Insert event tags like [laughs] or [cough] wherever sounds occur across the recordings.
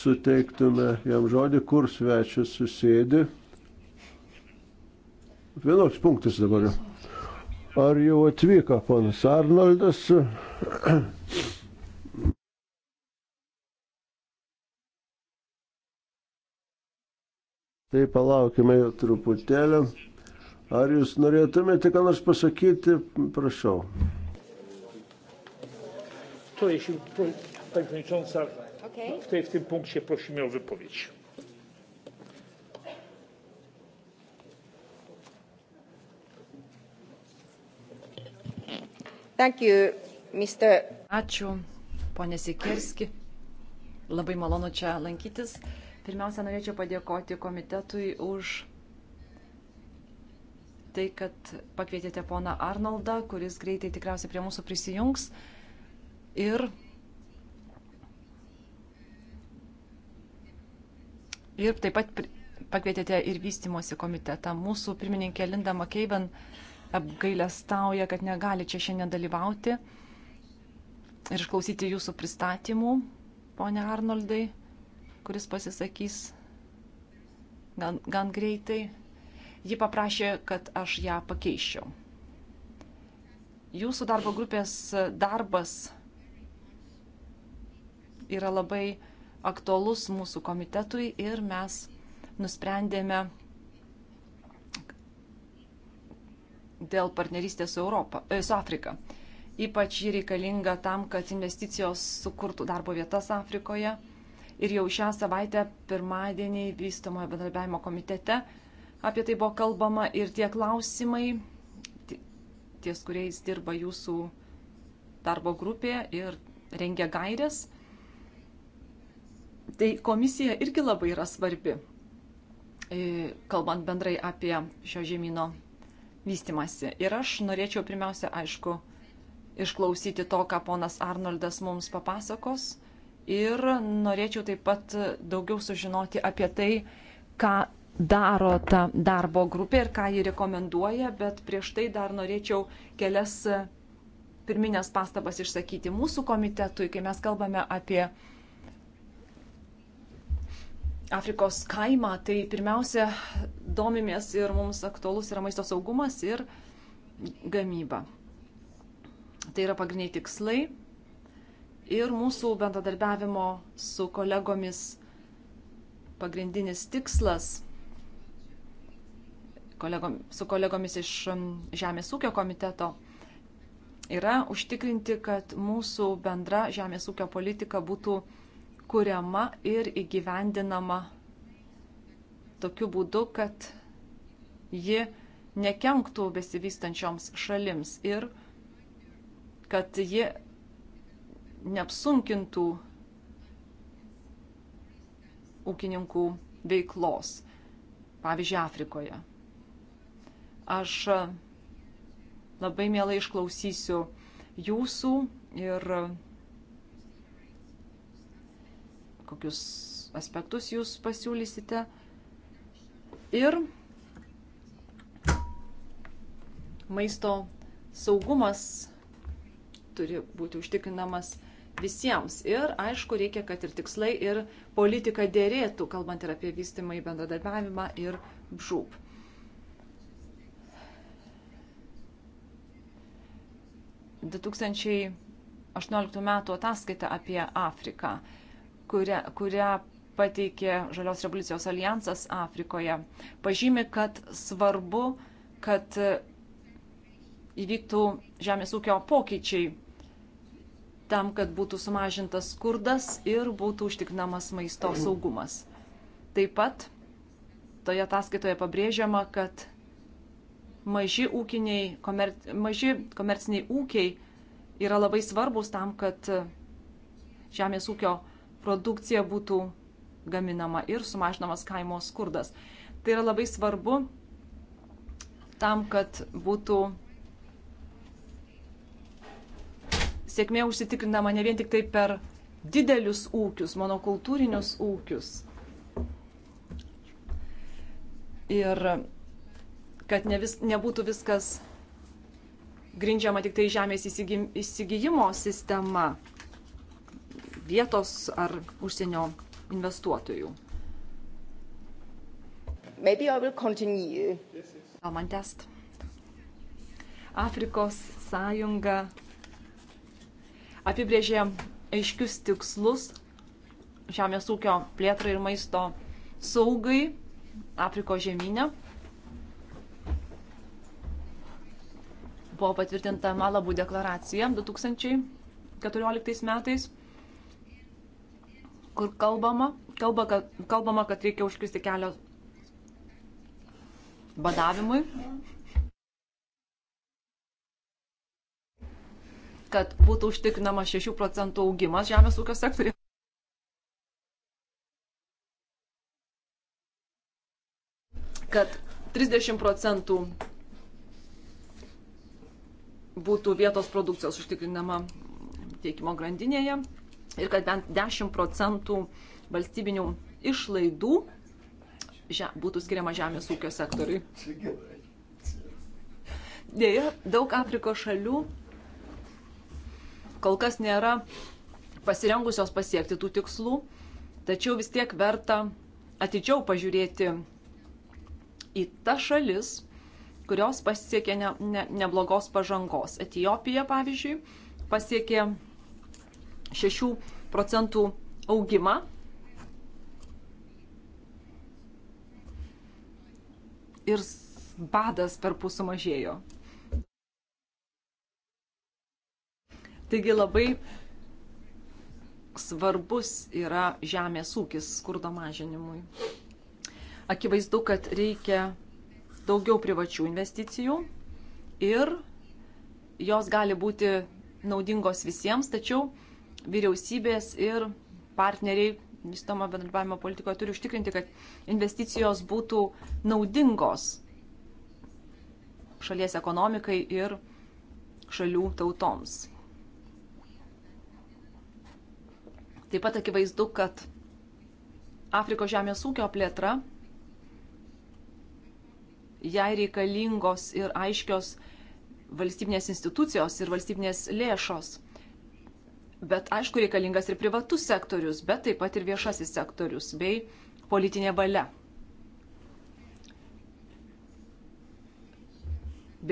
suteiktume jam žodį, kur svečias susėdi. Vienoks punktas dabar. Ar jau atvyko ponas Arnoldas? [clears throat] Tai palaukime jau truputėlį. Ar jūs norėtumėte ką nors pasakyti? Prašau. To jeśli pani przewodnicząca Okay. Tutaj w tym punkcie prosimy o wypowiedź. Thank you, Mr. Ačiū, ponė Sikirski. Labai malonu čia lankytis. Pirmiausia, norėčiau padėkoti komitetui už tai, kad pakvietėte poną Arnoldą, kuris greitai tikriausiai prie mūsų prisijungs. Ir Ir taip pat pakvietėte ir vystimosi komitetą. Mūsų pirmininkė Linda McKeiben apgailę stauja, kad negali čia šiandien dalyvauti ir išklausyti jūsų pristatymų, ponė Arnoldai, kuris pasisakys gan, gan greitai. Ji paprašė, kad aš ją pakeiščiau. Jūsų darbo grupės darbas yra labai aktualus mūsų komitetui ir mes nusprendėme dėl partnerystės su, Europa, e, su Afrika. Ypač ji reikalinga tam, kad investicijos sukurtų darbo vietas Afrikoje. Ir jau šią savaitę, pirmadienį, vystomojo bendradarbiavimo komitete apie tai buvo kalbama ir tie klausimai, ties kuriais dirba jūsų darbo grupė ir rengia gairės, Tai komisija irgi labai yra svarbi, e, kalbant bendrai apie šio žemynų vystimasi. Ir aš norėčiau pirmiausia, aišku, išklausyti to, ką ponas Arnoldas mums papasakos. Ir norėčiau taip pat daugiau sužinoti apie tai, ką daro ta darbo grupė ir ką ji rekomenduoja, bet prieš tai dar norėčiau kelias pirminės pastabas išsakyti mūsų komitetui, kai mes kalbame apie Afrikos kaimą, tai pirmiausia domimės ir mums aktuolus yra maisto saugumas ir gamyba. Tai yra pagrindiniai tikslai ir mūsų bendradarbiavimo su kolegomis pagrindinis tikslas kolegom, su kolegomis iš Žemės ūkio komiteto yra užtikrinti, kad mūsų bendra Žemės ūkio politika būtų kuriama ir įgyvendinama tokiu būdu, kad ji nekenktų besivystančioms šalims ir kad ji neapsunkintų ūkininkų veiklos, pavyzdžiui, Afrikoje. Aš labai mielai išklausysiu jūsų ir kokius aspektus jūs pasiūlysite. Ir maisto saugumas turi būti užtikrinamas visiems. Ir aišku, reikia, kad ir tikslai, ir politika dėrėtų, kalbant ir apie vystimą į bendradarbiavimą ir bžūp. ...2018 metų ataskaita apie Afriką kurią, kurią pateikė Žalios revoliucijos alijansas Afrikoje, pažymi, kad svarbu, kad įvyktų žemės ūkio pokyčiai tam, kad būtų sumažintas skurdas ir būtų užtikrinamas maisto saugumas. Taip pat toje ataskaitoje pabrėžiama, kad maži, ūkiniai, komer, maži komerciniai ūkiai yra labai svarbus tam, kad žemės ūkio produkcija būtų gaminama ir sumažinamas kaimo skurdas. Tai yra labai svarbu tam, kad būtų sėkmė užsitikrinama ne vien tik tai per didelius ūkius, monokultūrinius ūkius. Ir kad ne vis, nebūtų viskas grindžiama tik tai žemės įsigijimo sistema vietos ar užsienio investuotojų. Gal man test? Afrikos sąjunga apibrėžė aiškius tikslus žemės ūkio plėtrai ir maisto saugai Afrikos žemynė. Buvo patvirtinta Malabų deklaracija 2014 metais kur kalbama, kalba, kad, kalbama, kad reikia užkristi kelio badavimui, kad būtų užtikrinama 6 procentų augimas žemės ūkio sektoriuje. kad 30 procentų būtų vietos produkcijos užtikrinama tiekimo grandinėje ir kad bent 10 procentų valstybinių išlaidų būtų skiriama žemės ūkio sektoriui. Dėja, daug Afrikos šalių kol kas nėra pasirengusios pasiekti tų tikslų, tačiau vis tiek verta atidžiau pažiūrėti į tas šalis, kurios pasiekė ne, ne, neblogos pažangos. Etijopija, pavyzdžiui, pasiekė 6 procentų augimą. Ir badas per pusę mažėjo. Taigi labai svarbus yra žemės ūkis skurdo mažinimui. Akivaizdu, kad reikia daugiau privačių investicijų ir jos gali būti naudingos visiems, tačiau vyriausybės ir partneriai vystamo bendradarbiavimo politikoje turi užtikrinti, kad investicijos būtų naudingos šalies ekonomikai ir šalių tautoms. Taip pat akivaizdu, kad Afrikos žemės ūkio plėtra, jai reikalingos ir aiškios valstybinės institucijos ir valstybinės lėšos. Bet aišku, reikalingas ir privatus sektorius, bet taip pat ir viešasis sektorius bei politinė valia.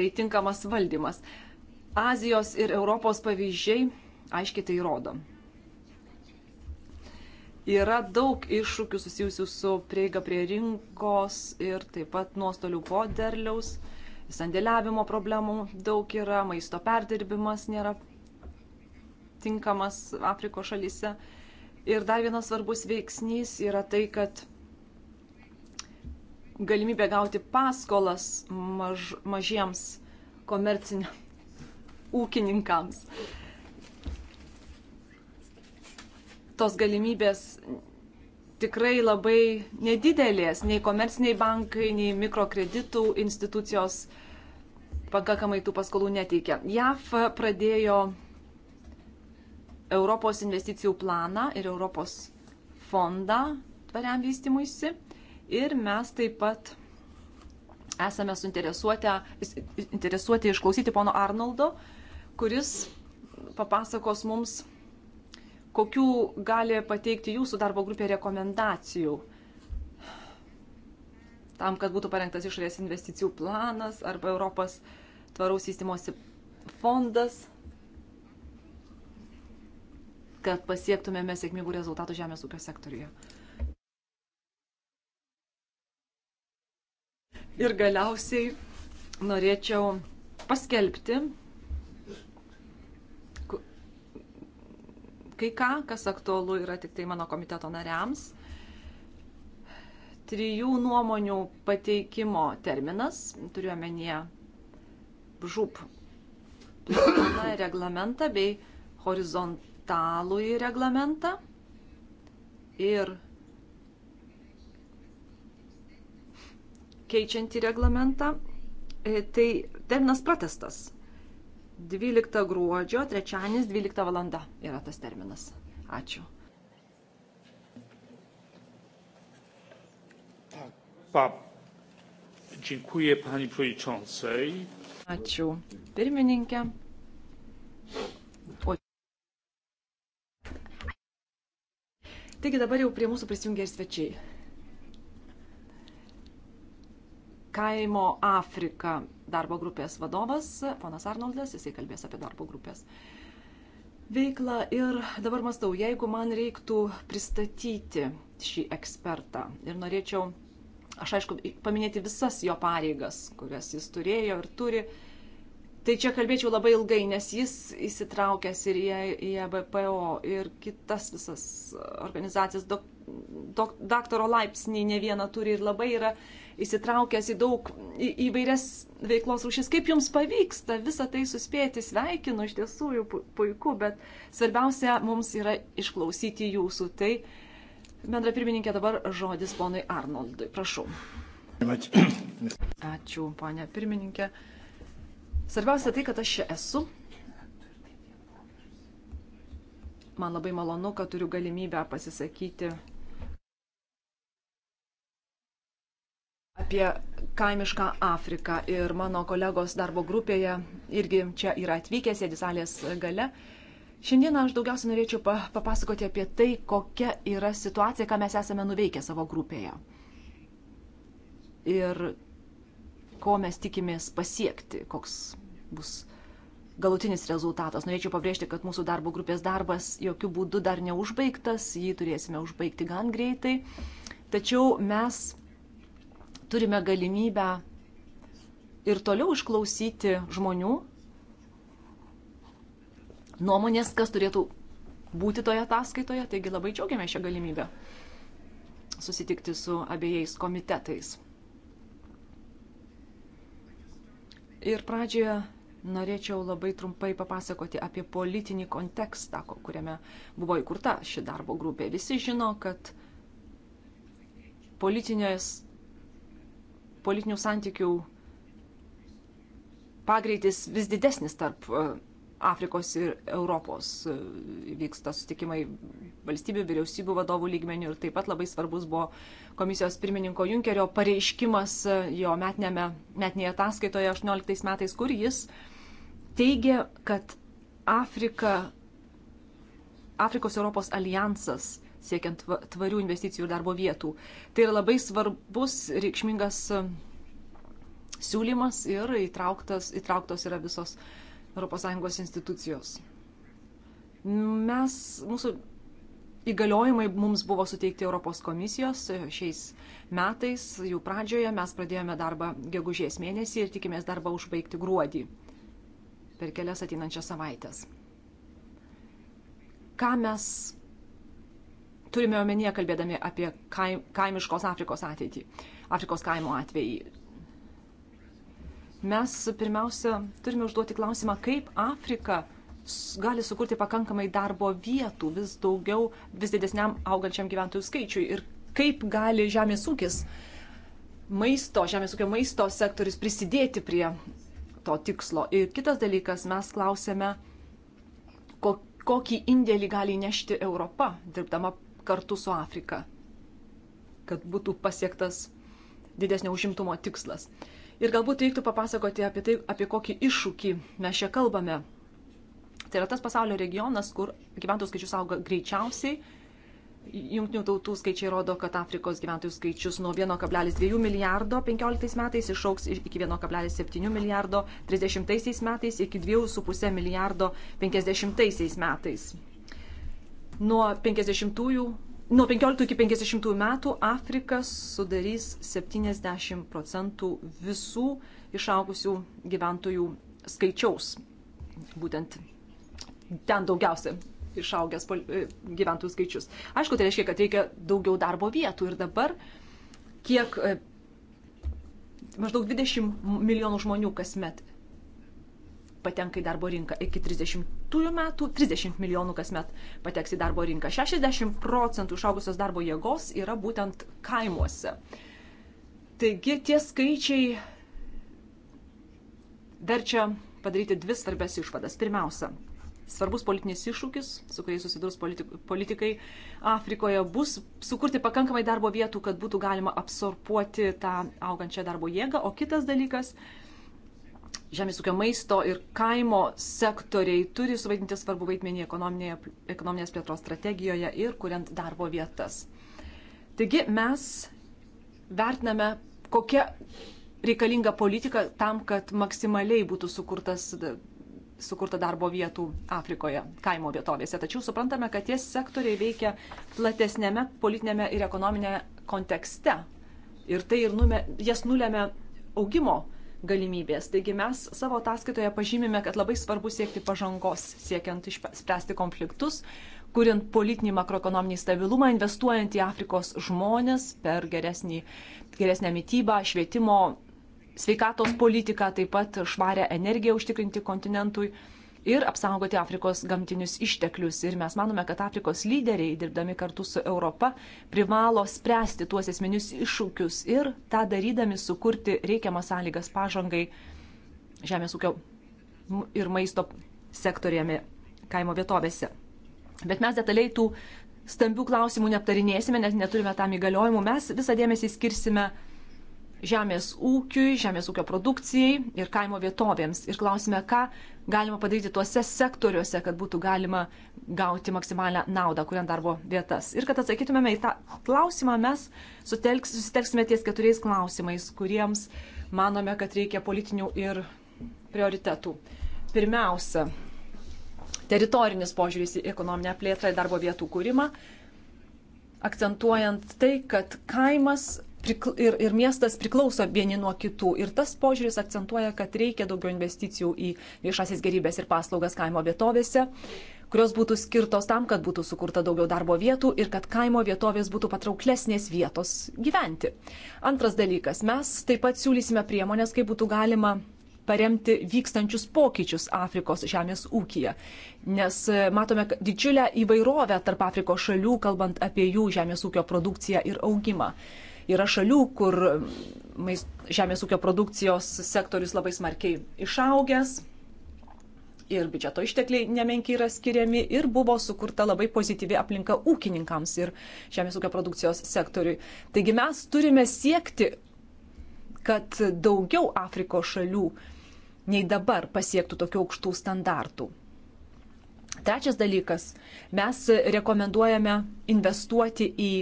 Bei tinkamas valdymas. Azijos ir Europos pavyzdžiai aiškiai tai rodo. Yra daug iššūkių susijusių su prieiga prie rinkos ir taip pat nuostolių po derliaus, sandėliavimo problemų daug yra, maisto perdirbimas nėra tinkamas Afrikos šalyse. Ir dar vienas svarbus veiksnys yra tai, kad galimybė gauti paskolas maž, mažiems komerciniams [laughs] ūkininkams. Tos galimybės tikrai labai nedidelės, nei komerciniai bankai, nei mikrokreditų institucijos pakankamai tų paskolų neteikia. JAF pradėjo Europos investicijų planą ir Europos fondą tvariam vystimuisi. Ir mes taip pat esame suinteresuoti išklausyti pono Arnoldo, kuris papasakos mums, kokių gali pateikti jūsų darbo grupė rekomendacijų tam, kad būtų parengtas išorės investicijų planas arba Europos tvaraus įstymosi fondas kad pasiektumėme sėkmingų rezultatų žemės ūkio sektoriuje. Ir galiausiai norėčiau paskelbti kai ką, kas aktualu yra tik tai mano komiteto nariams. Trijų nuomonių pateikimo terminas, turiuomenėje žūp planą, reglamentą bei horizont, italų į reglamentą ir keičiant į reglamentą, e, tai terminas pratestas. 12 gruodžio, trečianis 12 valanda yra tas terminas. Ačiū. Pa, dziękuję pani przewodniczącej. Ačiū pirmininkė. O Taigi dabar jau prie mūsų prisijungia ir svečiai. Kaimo Afrika darbo grupės vadovas, ponas Arnoldas, jisai kalbės apie darbo grupės veiklą. Ir dabar mastau, jeigu man reiktų pristatyti šį ekspertą ir norėčiau, aš aišku, paminėti visas jo pareigas, kurias jis turėjo ir turi, Tai čia kalbėčiau labai ilgai, nes jis įsitraukęs ir į EBPO e ir kitas visas organizacijas, dok, dok, daktaro laipsnį ne vieną turi ir labai yra įsitraukęs į daug į, įvairias veiklos rūšis. Kaip jums pavyksta visą tai suspėti, sveikinu, iš tiesų jau puiku, bet svarbiausia mums yra išklausyti jūsų. Tai bendra pirmininkė dabar žodis ponui Arnoldui, prašau. Ačiū, ponė pirmininkė. Svarbiausia tai, kad aš čia esu. Man labai malonu, kad turiu galimybę pasisakyti apie kaimišką Afriką. Ir mano kolegos darbo grupėje irgi čia yra atvykęs, sėdi salės gale. Šiandieną aš daugiausiai norėčiau papasakoti apie tai, kokia yra situacija, ką mes esame nuveikę savo grupėje. Ir ko mes tikimės pasiekti, koks bus galutinis rezultatas. Norėčiau pabrėžti, kad mūsų darbo grupės darbas jokių būdų dar neužbaigtas, jį turėsime užbaigti gan greitai. Tačiau mes turime galimybę ir toliau išklausyti žmonių nuomonės, kas turėtų būti toje ataskaitoje, taigi labai džiaugiamės šią galimybę susitikti su abiejais komitetais. Ir pradžioje norėčiau labai trumpai papasakoti apie politinį kontekstą, kuriame buvo įkurta ši darbo grupė. Visi žino, kad politinių santykių pagreitis vis didesnis tarp e, Afrikos ir Europos e, vyksta sustikimai valstybių, vyriausybių vadovų lygmenių ir taip pat labai svarbus buvo komisijos pirmininko Junkerio pareiškimas e, jo metinėme, metinėje ataskaitoje 18 metais, kur jis teigia, kad Afrika, Afrikos Europos alijansas siekiant tvarių investicijų ir darbo vietų. Tai yra labai svarbus, reikšmingas e, siūlymas ir įtrauktas, įtrauktos yra visos uh, ES institucijos. Mes, mūsų įgaliojimai mums buvo suteikti Europos komisijos šiais metais, jų pradžioje mes pradėjome darbą gegužės mėnesį ir tikimės darbą užbaigti gruodį per kelias ateinančias savaitės. Ką mes turime omenyje kalbėdami apie kaimiškos Afrikos ateitį, Afrikos kaimo atvejį? mes pirmiausia turime užduoti klausimą, kaip Afrika gali sukurti pakankamai darbo vietų vis daugiau, vis didesniam augančiam gyventojų skaičiui ir kaip gali žemės ūkis, maisto, žemės ūkio maisto sektorius prisidėti prie to tikslo. Ir kitas dalykas, mes klausėme, kokį indėlį gali nešti Europa, dirbdama kartu su Afrika, kad būtų pasiektas didesnio užimtumo tikslas. Ir galbūt reiktų papasakoti apie tai, apie kokį iššūkį mes čia kalbame. Tai yra tas pasaulio regionas, kur gyventojų skaičius auga greičiausiai. Junktinių tautų skaičiai rodo, kad Afrikos gyventojų skaičius nuo 1,2 milijardo 15 metais išauks iki 1,7 milijardo 30 metais, iki 2,5 milijardo 50 metais. Nuo 50-ųjų Nuo 15 iki 50 metų Afrika sudarys 70 procentų visų išaugusių gyventojų skaičiaus. Būtent ten daugiausia išaugęs e, gyventojų skaičius. Aišku, tai reiškia, kad reikia daugiau darbo vietų ir dabar kiek e, maždaug 20 milijonų žmonių kasmet patenka į darbo rinką. Iki 30 metų 30 milijonų kasmet pateks į darbo rinką. 60 procentų išaugusios darbo jėgos yra būtent kaimuose. Taigi tie skaičiai verčia padaryti dvi svarbias išvadas. Pirmiausia, svarbus politinis iššūkis, su kuriais susidurs politikai Afrikoje, bus sukurti pakankamai darbo vietų, kad būtų galima absorbuoti tą augančią darbo jėgą. O kitas dalykas - žemės ūkio maisto ir kaimo sektoriai turi suvaidinti svarbu vaidmenį ekonominės plėtros strategijoje ir kuriant darbo vietas. Taigi mes vertiname, kokia reikalinga politika tam, kad maksimaliai būtų sukurtas sukurta darbo vietų Afrikoje, kaimo vietovėse. Tačiau suprantame, kad tie sektoriai veikia platesnėme politinėme ir ekonominėme kontekste. Ir tai ir nume, jas nulėmė augimo galimybės. Taigi mes savo ataskaitoje pažymime, kad labai svarbu siekti pažangos, siekiant išspręsti konfliktus, kuriant politinį makroekonominį stabilumą, investuojant į Afrikos žmonės per geresnį, geresnę mytybą, švietimo, sveikatos politiką, taip pat švarę energiją užtikrinti kontinentui ir apsaugoti Afrikos gamtinius išteklius. Ir mes manome, kad Afrikos lyderiai, dirbdami kartu su Europa, privalo spręsti tuos esminius iššūkius ir tą darydami sukurti reikiamas sąlygas pažangai žemės ūkio ir maisto sektoriumi kaimo vietovėse. Bet mes detaliai tų stambių klausimų neaptarinėsime, nes neturime tam įgaliojimų. Mes visą dėmesį skirsime žemės ūkiui, žemės ūkio produkcijai ir kaimo vietovėms. Ir klausime, ką galima padaryti tuose sektoriuose, kad būtų galima gauti maksimalę naudą, kuriant darbo vietas. Ir kad atsakytumėme į tą klausimą, mes sutelks, susitelksime ties keturiais klausimais, kuriems manome, kad reikia politinių ir prioritetų. Pirmiausia, teritorinis požiūris į ekonominę plėtrą ir darbo vietų kūrimą, akcentuojant tai, kad kaimas ir, ir miestas priklauso vieni nuo kitų. Ir tas požiūris akcentuoja, kad reikia daugiau investicijų į viešasis gerybės ir paslaugas kaimo vietovėse, kurios būtų skirtos tam, kad būtų sukurta daugiau darbo vietų ir kad kaimo vietovės būtų patrauklesnės vietos gyventi. Antras dalykas, mes taip pat siūlysime priemonės, kaip būtų galima paremti vykstančius pokyčius Afrikos žemės ūkija. Nes e, matome didžiulę įvairovę tarp Afrikos šalių, kalbant apie jų žemės ūkio produkciją ir augimą. Yra šalių, kur žemės ūkio produkcijos sektorius labai smarkiai išaugęs ir biudžeto ištekliai nemenkiai yra skiriami ir buvo sukurta labai pozityvi aplinka ūkininkams ir žemės ūkio produkcijos sektoriui. Taigi mes turime siekti, kad daugiau Afrikos šalių nei dabar pasiektų tokių aukštų standartų. Trečias dalykas - mes rekomenduojame investuoti į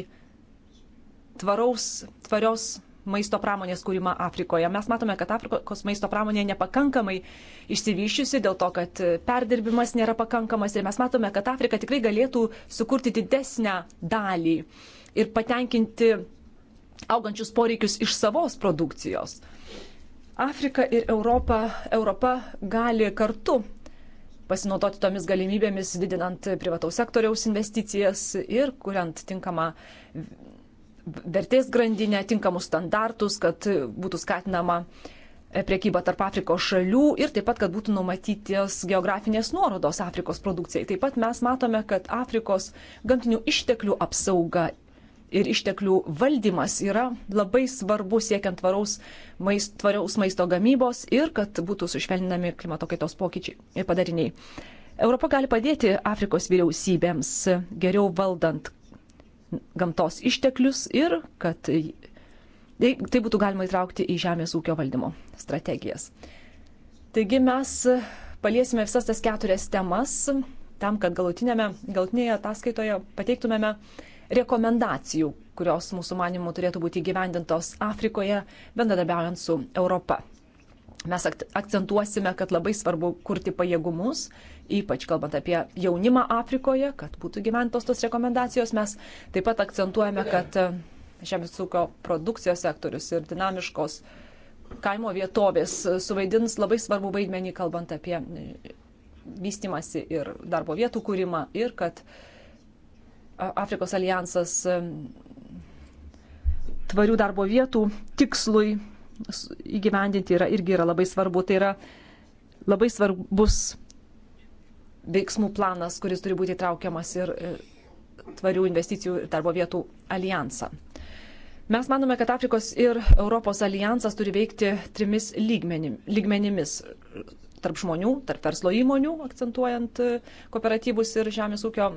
tvaraus, tvarios maisto pramonės kūrimą Afrikoje. Mes matome, kad Afrikos maisto pramonė nepakankamai išsivyščiusi dėl to, kad perdirbimas nėra pakankamas ir mes matome, kad Afrika tikrai galėtų sukurti didesnę dalį ir patenkinti augančius poreikius iš savos produkcijos. Afrika ir Europa, Europa gali kartu pasinaudoti tomis galimybėmis, didinant privataus sektoriaus investicijas ir kuriant tinkamą vertės grandinę, tinkamus standartus, kad būtų skatinama e, priekyba tarp Afrikos šalių ir taip pat, kad būtų numatytos geografinės nuorodos Afrikos produkcijai. Taip pat mes matome, kad Afrikos gamtinių išteklių apsauga ir išteklių valdymas yra labai svarbu siekiant tvaraus, maist, tvaraus maisto gamybos ir kad būtų sušvelninami klimato kaitos pokyčiai ir padariniai. Europa gali padėti Afrikos vyriausybėms geriau valdant gamtos išteklius ir kad tai, tai būtų galima įtraukti į žemės ūkio valdymo strategijas. Taigi mes paliesime visas tas keturias temas tam, kad galutinėje ataskaitoje pateiktumėme rekomendacijų, kurios mūsų manimų turėtų būti gyvendintos Afrikoje, bendradarbiaujant su Europa. Mes akcentuosime, kad labai svarbu kurti pajėgumus, ypač kalbant apie jaunimą Afrikoje, kad būtų gyventos tos rekomendacijos. Mes taip pat akcentuojame, kad e, žemės ūkio produkcijos sektorius ir dinamiškos kaimo vietovės e, suvaidins labai svarbu vaidmenį, kalbant apie e, vystimasi ir darbo vietų kūrimą ir kad Afrikos alijansas tvarių darbo vietų tikslui įgyvendinti yra, irgi yra labai svarbu. Tai yra labai svarbus veiksmų planas, kuris turi būti traukiamas ir e, tvarių investicijų ir darbo vietų alijansą. Mes manome, kad Afrikos ir Europos alijansas turi veikti trimis lygmenim, lygmenimis - tarp žmonių, tarp verslo įmonių, akcentuojant e, kooperatyvus ir žemės ūkio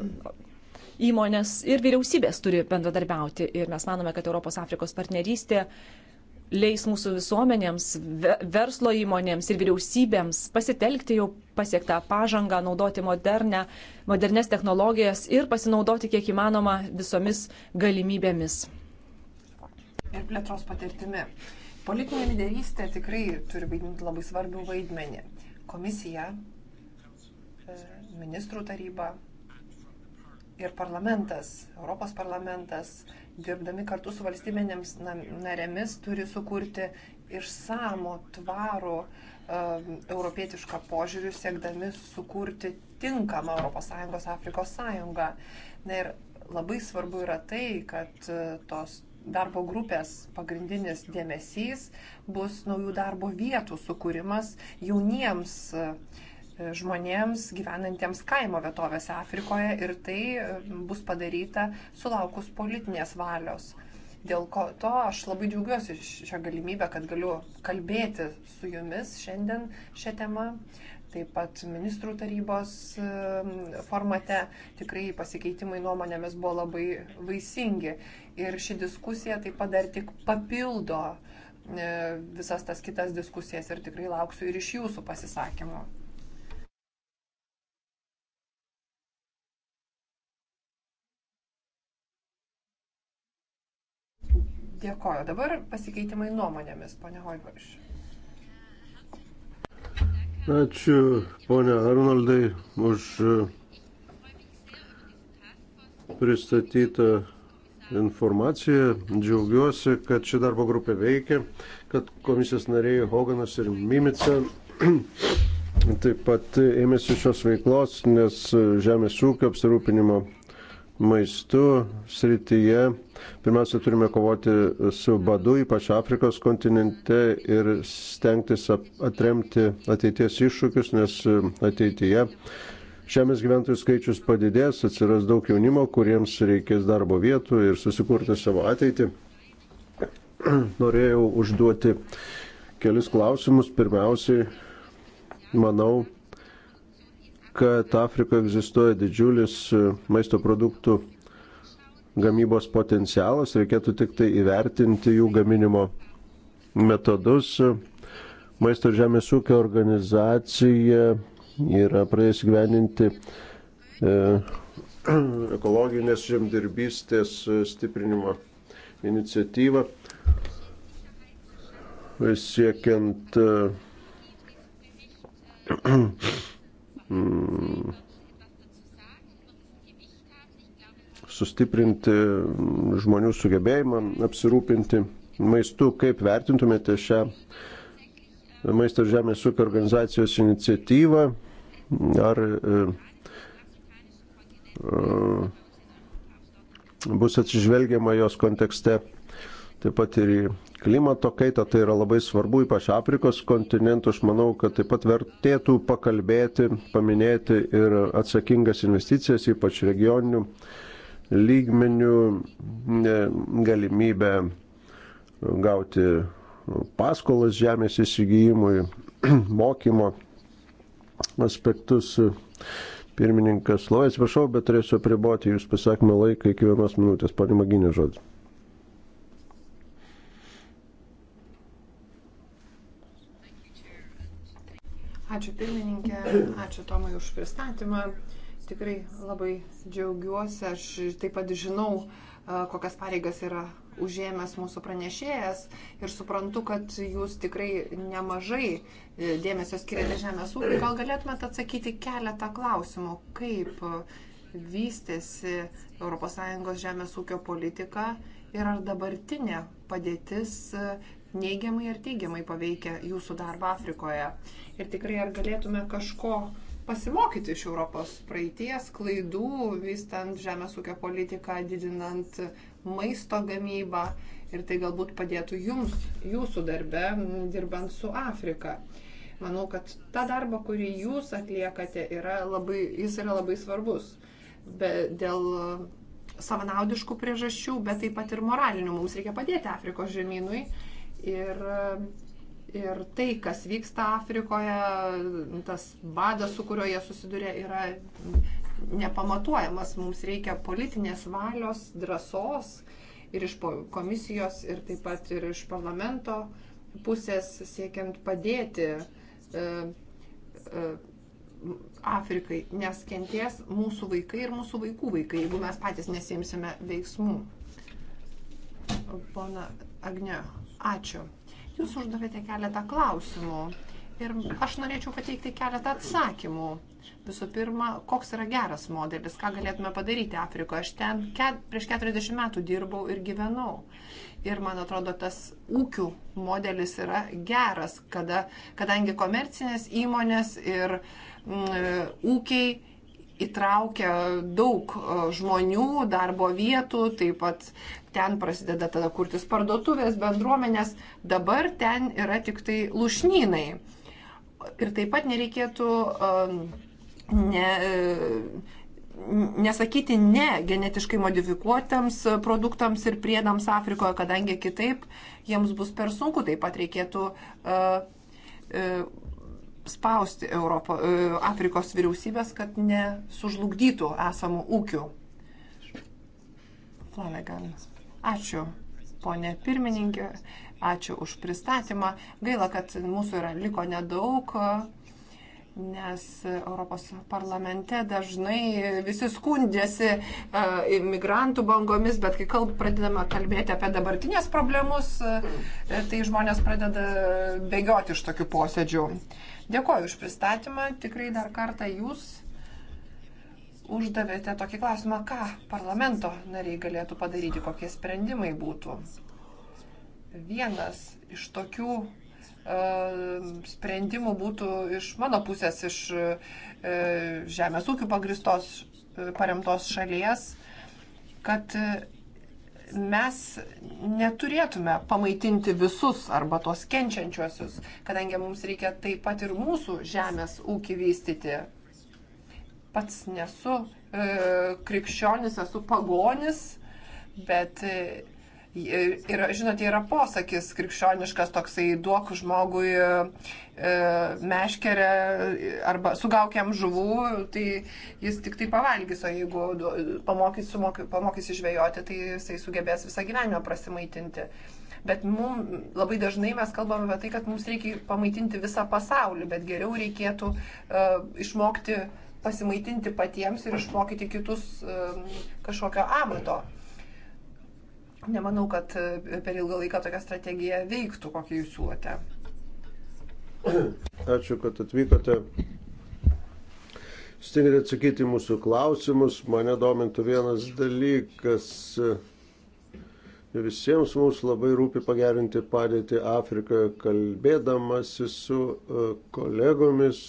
įmonės, ir vyriausybės turi bendradarbiauti. Ir mes manome, kad Europos Afrikos partnerystė leis mūsų visuomenėms, verslo įmonėms ir vyriausybėms pasitelkti jau pasiektą pažangą, naudoti modernę, modernes technologijas ir pasinaudoti kiek įmanoma visomis galimybėmis. Ir plėtros patirtimi. Politinė lyderystė tikrai turi vaidinti labai svarbių vaidmenį. Komisija, e, ministrų taryba ir parlamentas, Europos parlamentas dirbdami kartu su valstybinėms narėmis, turi sukurti išsamų, tvarų uh, europietišką požiūrį, siekdami sukurti tinkamą ES Afrikos sąjungą. Na ir labai svarbu yra tai, kad e, tos darbo grupės pagrindinis dėmesys bus naujų darbo vietų sukūrimas jauniems uh, žmonėms gyvenantiems kaimo vietovėse Afrikoje ir tai e, bus padaryta sulaukus politinės valios. Dėl ko to aš labai džiaugiuosi šią galimybę, kad galiu kalbėti su jumis šiandien šią temą. Taip pat ministrų tarybos e, formate tikrai pasikeitimai nuomonėmis buvo labai vaisingi. Ir ši diskusija taip pat dar tik papildo e, visas tas kitas diskusijas ir tikrai lauksiu ir iš jūsų pasisakymų. Dėkoju. Dabar pasikeitimai nuomonėmis, ponia Hoibuš. Ačiū, ponia Arnoldai, už e, pristatytą informaciją. Džiaugiuosi, kad ši darbo grupė veikia, kad komisijos nariai Hoganas ir Mimica [clears throat] taip pat ėmėsi šios veiklos, nes e, žemės ūkio apsirūpinimo maistu srityje. Pirmiausia, turime kovoti su badu, ypač Afrikos kontinente ir stengtis atremti ateities iššūkius, nes e, ateityje žemės gyventojų skaičius padidės, atsiras daug jaunimo, kuriems reikės darbo vietų ir susikurti savo ateitį. [clears throat] Norėjau užduoti kelis klausimus. Pirmiausiai, manau, kad Afrikoje egzistuoja didžiulis e, maisto produktų gamybos potencialas, reikėtų tik tai įvertinti jų gaminimo metodus. Maisto ir žemės ūkio organizacija yra pradėjęs gyveninti e, [clears throat] ekologinės žemdirbystės e, stiprinimo iniciatyvą, siekiant e, [clears throat] Mm. sustiprinti žmonių sugebėjimą apsirūpinti maistu. Kaip vertintumėte šią maisto ir žemės ūkio organizacijos iniciatyvą? Ar e, e, bus atsižvelgiama jos kontekste taip pat ir į klimato kaitą, tai yra labai svarbu, ypač Afrikos kontinentų. Aš manau, kad taip pat vertėtų pakalbėti, paminėti ir atsakingas investicijas, ypač regioninių lygmenių galimybę gauti paskolas žemės įsigijimui, [clears throat] mokymo aspektus. Pirmininkas, labai atsiprašau, bet turėsiu apriboti jūs pasakymą laiką iki vienos minutės. Panimaginė žodis. Ačiū pirmininkė, [clears throat] ačiū Tomai už pristatymą. Tikrai labai džiaugiuosi, aš taip pat žinau, kokias pareigas yra užėmęs mūsų pranešėjas ir suprantu, kad jūs tikrai nemažai e, dėmesio skiriate žemės ūkiui. Gal galėtumėte atsakyti keletą klausimų, kaip vystėsi ES žemės ūkio politika ir ar dabartinė padėtis e, neigiamai ar teigiamai paveikia jūsų darbą Afrikoje. Ir tikrai ar galėtume kažko pasimokyti iš Europos praeities klaidų, vystant žemės ūkio politiką, didinant maisto gamybą ir tai galbūt padėtų jums, jūsų darbe, dirbant su Afrika. Manau, kad ta darba, kurį jūs atliekate, yra labai, jis yra labai svarbus be, dėl savanaudiškų priežasčių, bet taip pat ir moralinių. Mums reikia padėti Afrikos žemynui. Ir, ir tai, kas vyksta Afrikoje, tas badas, su kuriuo jie susiduria, yra nepamatuojamas. Mums reikia politinės valios, drąsos ir iš komisijos, ir taip pat ir iš parlamento pusės siekiant padėti. E, e, Afrikai, nes kenties mūsų vaikai ir mūsų vaikų vaikai, jeigu mes patys nesimsime veiksmų. Pona Agne, ačiū. Jūs uždavėte keletą klausimų ir aš norėčiau pateikti keletą atsakymų. Visų pirma, koks yra geras modelis, ką galėtume padaryti Afrikoje. Aš ten ket, prieš 40 metų dirbau ir gyvenau. Ir man atrodo, tas ūkių modelis yra geras, kada, kadangi komercinės įmonės ir uh, E, ūkiai įtraukia daug e, žmonių, darbo vietų, taip pat ten prasideda tada kurtis parduotuvės, bendruomenės, dabar ten yra tik tai lušnynai. Ir taip pat nereikėtų ne, e, nesakyti ne genetiškai modifikuotams produktams ir priedams Afrikoje, kadangi kitaip jiems bus per sunku. Taip pat reikėtų uh, uh, spausti Europo, e, Afrikos vyriausybės, kad nesužlugdytų esamų ūkių. Flanagan. Ačiū, ponė pirmininkė. Ačiū už pristatymą. Gaila, kad mūsų yra liko nedaug, nes Europos parlamente dažnai visi skundėsi e, imigrantų bangomis, bet kai kalb, pradedama kalbėti apie dabartinės problemus, e, tai žmonės pradeda bėgioti iš tokių posėdžių. Dėkoju už pristatymą. Tikrai dar kartą jūs uždavėte tokį klausimą, ką parlamento nariai galėtų padaryti, kokie sprendimai būtų. Vienas iš tokių uh, sprendimų būtų iš mano pusės, iš uh, žemės ūkių pagristos, uh, paremtos šalies, kad uh, mes neturėtume pamaitinti visus arba tos kenčiančiosius, kadangi mums reikia taip pat ir mūsų žemės ūkį vystyti. Pats nesu e, krikščionis, esu pagonis, bet e, Ir, žinote, yra posakis krikščioniškas toksai duok žmogui e, e meškerę arba sugaukiam žuvų, tai jis tik tai pavalgys, o jeigu pamokys, sumok, pamokys išvėjoti, tai jisai sugebės visą gyvenimą prasimaitinti. Bet mum, labai dažnai mes kalbame apie tai, kad mums reikia pamaitinti visą pasaulį, bet geriau reikėtų uh, e, išmokti pasimaitinti patiems ir išmokyti kitus uh, e, kažkokio amato. Uh, nemanau, kad e, per ilgą laiką tokia strategija veiktų, kokią jūs siūlote. [clears throat] Ačiū, kad atvykote. Stingri atsakyti mūsų klausimus. Mane domintų vienas dalykas. Visiems mums labai rūpi pagerinti padėtį Afrikoje. Kalbėdamasi su e, kolegomis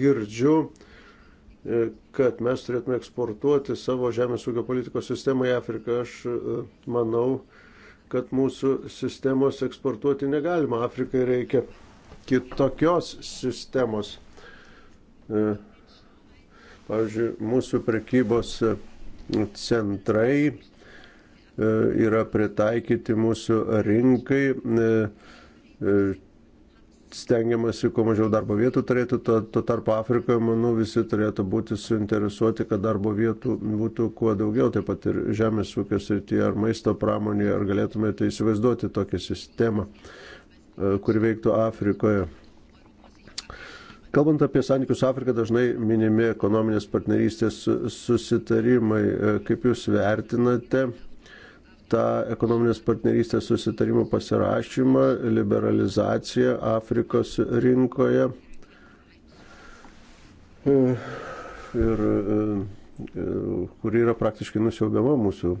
girdžiu, E, kad mes turėtume eksportuoti savo žemės ūkio politikos sistemą į Afriką. Aš e, manau, kad mūsų sistemos eksportuoti negalima. Afrikai reikia kitokios sistemos. E, pavyzdžiui, mūsų prekybos centrai yra pritaikyti mūsų rinkai stengiamasi kuo mažiau darbo vietų turėti, tuo, tuo tarpu Afrikoje, manau, visi turėtų būti suinteresuoti, kad darbo vietų būtų kuo daugiau, taip pat ir žemės ūkio srityje ar maisto pramonėje, ar galėtumėte įsivaizduoti tokią sistemą, e, kuri veiktų Afrikoje. Kalbant apie santykius su Afrika, dažnai minimi ekonominės partnerystės susitarimai. E, kaip Jūs vertinate? tą ekonominės partnerystės susitarimų pasirašymą, liberalizaciją Afrikos rinkoje. Ir kuri yra praktiškai nusiaubiama mūsų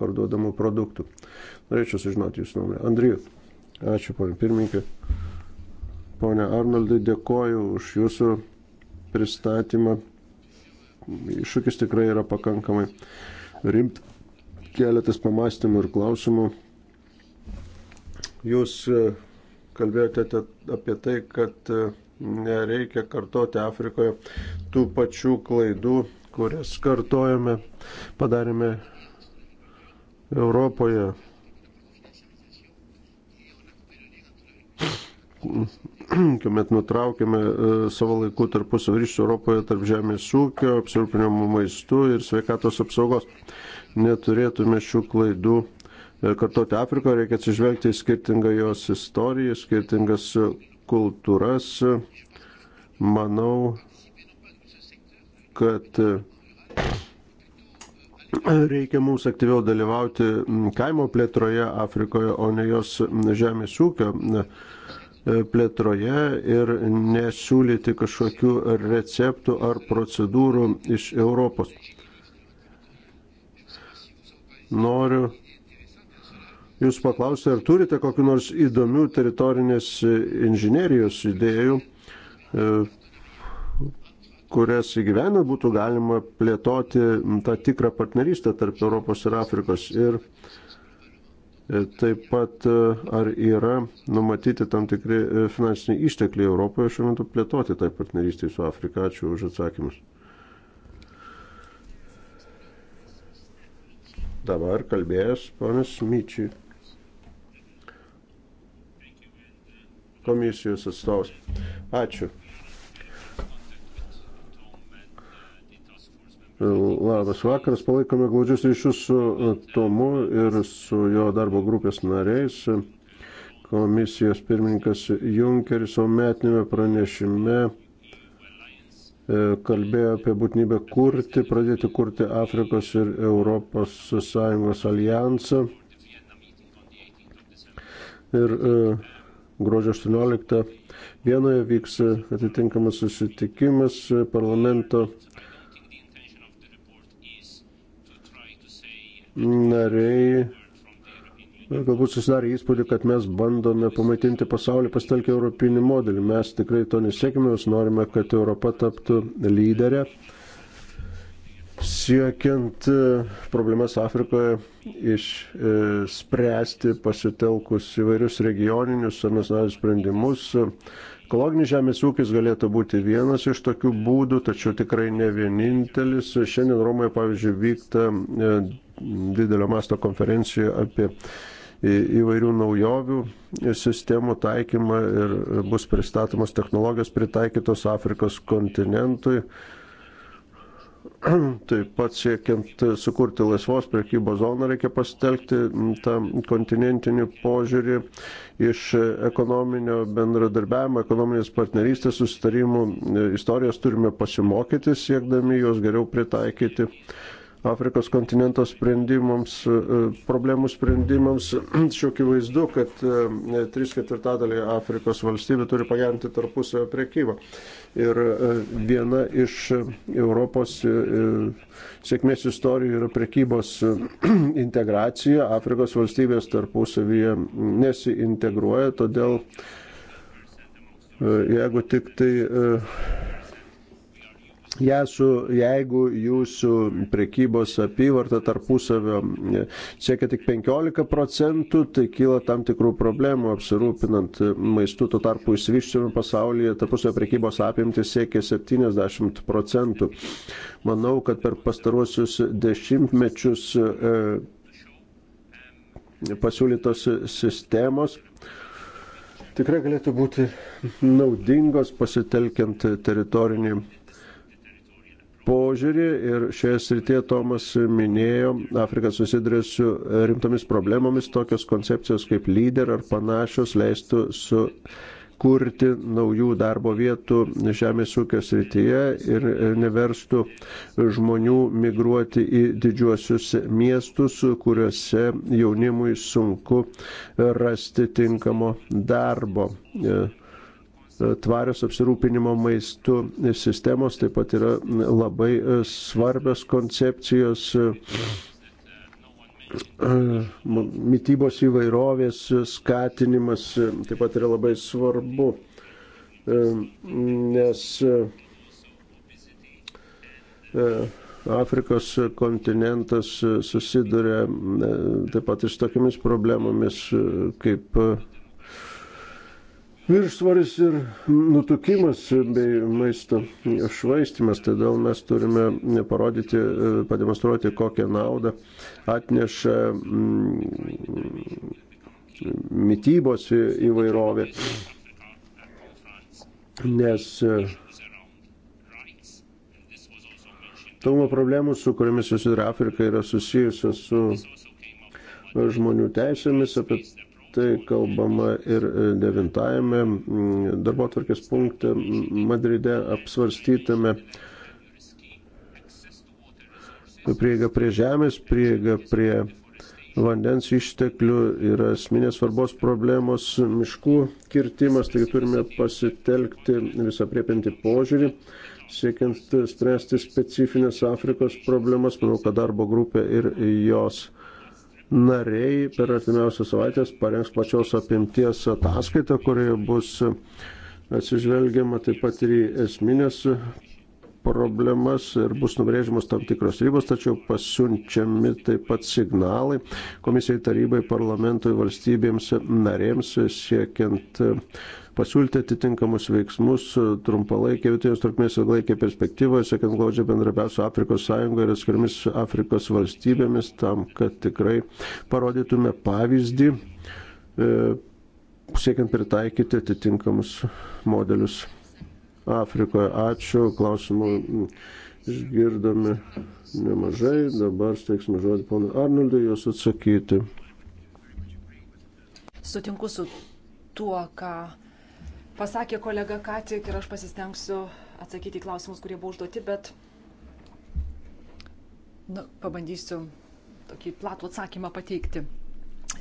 parduodamų produktų. Norėčiau sužinoti jūsų nuomonę. Andriju, ačiū, ponė pirmininkė. Pone Arnoldai, dėkoju už jūsų pristatymą. Iššūkis tikrai yra pakankamai rimtas keletas pamastymų ir klausimų. Jūs e, kalbėjote apie tai, kad e, nereikia kartoti Afrikoje tų pačių klaidų, kurias kartojame, padarėme Europoje. kuomet nutraukėme e, savo laikų tarpusavį ryšių Europoje tarp žemės ūkio, apsirūpinimo maistu ir sveikatos apsaugos neturėtume šių klaidų e, kartoti Afrikoje, reikia atsižvelgti į skirtingą jos istoriją, skirtingas kultūras. Manau, kad e, reikia mums aktyviau dalyvauti kaimo plėtroje Afrikoje, o ne jos žemės ūkio e, plėtroje ir nesiūlyti kažkokių receptų ar procedūrų iš Europos. Noriu Jūs paklausti, ar turite kokiu nors įdomių teritorinės inžinierijos idėjų, e, kurias įgyvenę būtų galima plėtoti tą tikrą partnerystę tarp Europos ir Afrikos. Ir e, taip pat, e, ar yra numatyti tam tikri finansiniai ištekliai Europoje šiuo metu plėtoti tą tai partnerystę su Afrika. Ačiū už atsakymus. Dabar kalbėjęs ponas Myčiui. Komisijos atstovas. Ačiū. Labas vakaras, palaikome glaudžius ryšius su Tomu ir su jo darbo grupės nariais. Komisijos pirmininkas Junkeris savo metinėme pranešime E, kalbėjo apie būtinybę kurti, pradėti kurti Afrikos ir Europos Sąjungos alijansą. Ir e, gruodžio 18 dienoje vyks atitinkamas susitikimas parlamento nariai galbūt susidarė įspūdį, kad mes bandome pamaitinti pasaulį pastelkę europinį modelį. Mes tikrai to nesiekime, mes norime, kad Europa taptų lyderę siekiant e, problemas Afrikoje išspręsti e, pasitelkus įvairius regioninius ar nacionalinius sprendimus. Ekologinis žemės ūkis galėtų būti vienas iš tokių būdų, tačiau tikrai ne vienintelis. Šiandien Romoje, pavyzdžiui, vyksta e, didelio masto konferencija apie įvairių naujovių sistemų taikymą ir bus pristatomos technologijos pritaikytos Afrikos kontinentui. [clears throat] Taip pat siekiant sukurti laisvos priekybos zoną reikia pastelgti tą kontinentinį požiūrį iš ekonominio bendradarbiavimo, ekonominės partnerystės sustarimų. Istorijos turime pasimokyti, siekdami juos geriau pritaikyti Afrikos kontinento sprendimams, e, e, problemų sprendimams. [clears throat] Šiokiu vaizdu, kad e, trys ketvirtadaliai Afrikos valstybių turi pagerinti tarpusavio priekybą. Ir viena iš Europos sėkmės istorijų yra priekybos [clears throat] integracija. Afrikos valstybės tarpusavyje nesiintegruoja, todėl jeigu tik tai Ja, su, jeigu jūsų prekybos apyvarta tarpusavio e, siekia tik 15 procentų, tai kyla tam tikrų problemų apsirūpinant maistu. Tuo tarpu išsivyščiame pasaulyje tarpusavio prekybos apimtis siekia 70 procentų. Manau, kad per pastaruosius dešimtmečius e, pasiūlytos sistemos tikrai galėtų būti naudingos pasitelkiant teritorinį požiūrį ir šioje srityje Tomas minėjo, Afrika susiduria su rimtomis problemomis, tokios koncepcijos kaip lyder ar panašios leistų su kurti naujų darbo vietų žemės ūkio srityje ir neverstų žmonių migruoti į didžiuosius miestus, kuriuose jaunimui sunku rasti tinkamo darbo tvarios apsirūpinimo maistu sistemos taip pat yra labai e, svarbios koncepcijos e, mytybos įvairovės skatinimas e, taip pat yra labai svarbu, nes Afrikos kontinentas susiduria taip pat ir su tokiamis problemomis kaip viršsvaris ir nutukimas bei maisto švaistimas. Todėl mes turime parodyti, pademonstruoti, kokią naudą atneša mm, mytybos įvairovė. Nes Taumo problemų, su kuriamis susiduria Afrika, yra susijusios su žmonių teisėmis, apie tai kalbama ir e, devintajame darbo atvarkės punkte Madride apsvarstytame prieiga prie žemės, prieiga prie vandens išteklių yra esminės svarbos problemos miškų kirtimas, taigi turime pasitelkti visą priepinti požiūrį, siekiant spręsti specifines Afrikos problemas. Manau, kad darbo grupė ir jos nariai per artimiausias savaitės parengs plačios apimties ataskaitą, kurioje bus atsižvelgiama taip pat ir į esminės problemas ir bus nubrėžimas tam tikros ribos, tačiau pasiunčiami taip pat signalai komisijai tarybai, parlamentui, valstybėms narėms siekiant pasiūlyti atitinkamus veiksmus e, trumpalaikė, vietinės trukmės ilgalaikė perspektyvoje, sakant, glaudžiai bendrabiausiu su Afrikos Sąjunga ir atskirmis Afrikos valstybėmis, tam, kad tikrai parodytume pavyzdį, e, siekiant pritaikyti atitinkamus modelius Afrikoje. Ačiū, klausimų išgirdome nemažai, dabar steiksime žodį ponui Arnoldui juos atsakyti. Sutinku su tuo, ką pasakė kolega ką tik ir aš pasistengsiu atsakyti į klausimus, kurie buvo užduoti, bet nu, pabandysiu tokį platų atsakymą pateikti,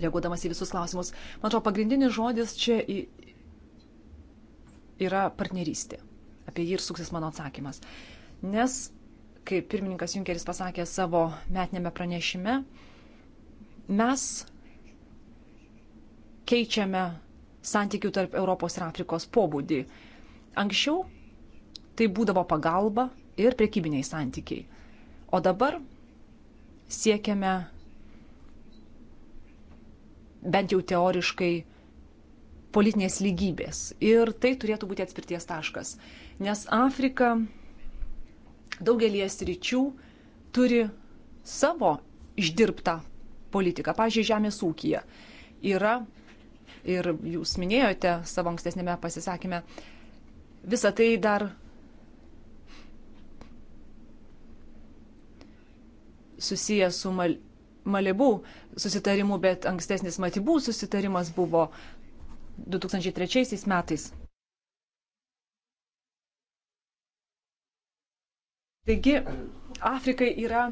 reaguodamas į visus klausimus. Man atrodo, pagrindinis žodis čia į... yra partnerystė. Apie jį ir suksis mano atsakymas. Nes, kaip pirmininkas Junkeris pasakė savo metinėme pranešime, mes keičiame santykių tarp Europos ir Afrikos pobūdį. Anksčiau tai būdavo pagalba ir prekybiniai santykiai. O dabar siekiame bent jau teoriškai politinės lygybės. Ir tai turėtų būti atspirties taškas. Nes Afrika daugelie sričių turi savo išdirbtą politiką. Pavyzdžiui, žemės ūkija yra ir jūs minėjote savo ankstesnėme pasisakymė, visą tai dar susiję su mal, Malibų susitarimu, bet ankstesnis Matibų susitarimas buvo 2003 metais. Taigi, Afrikai yra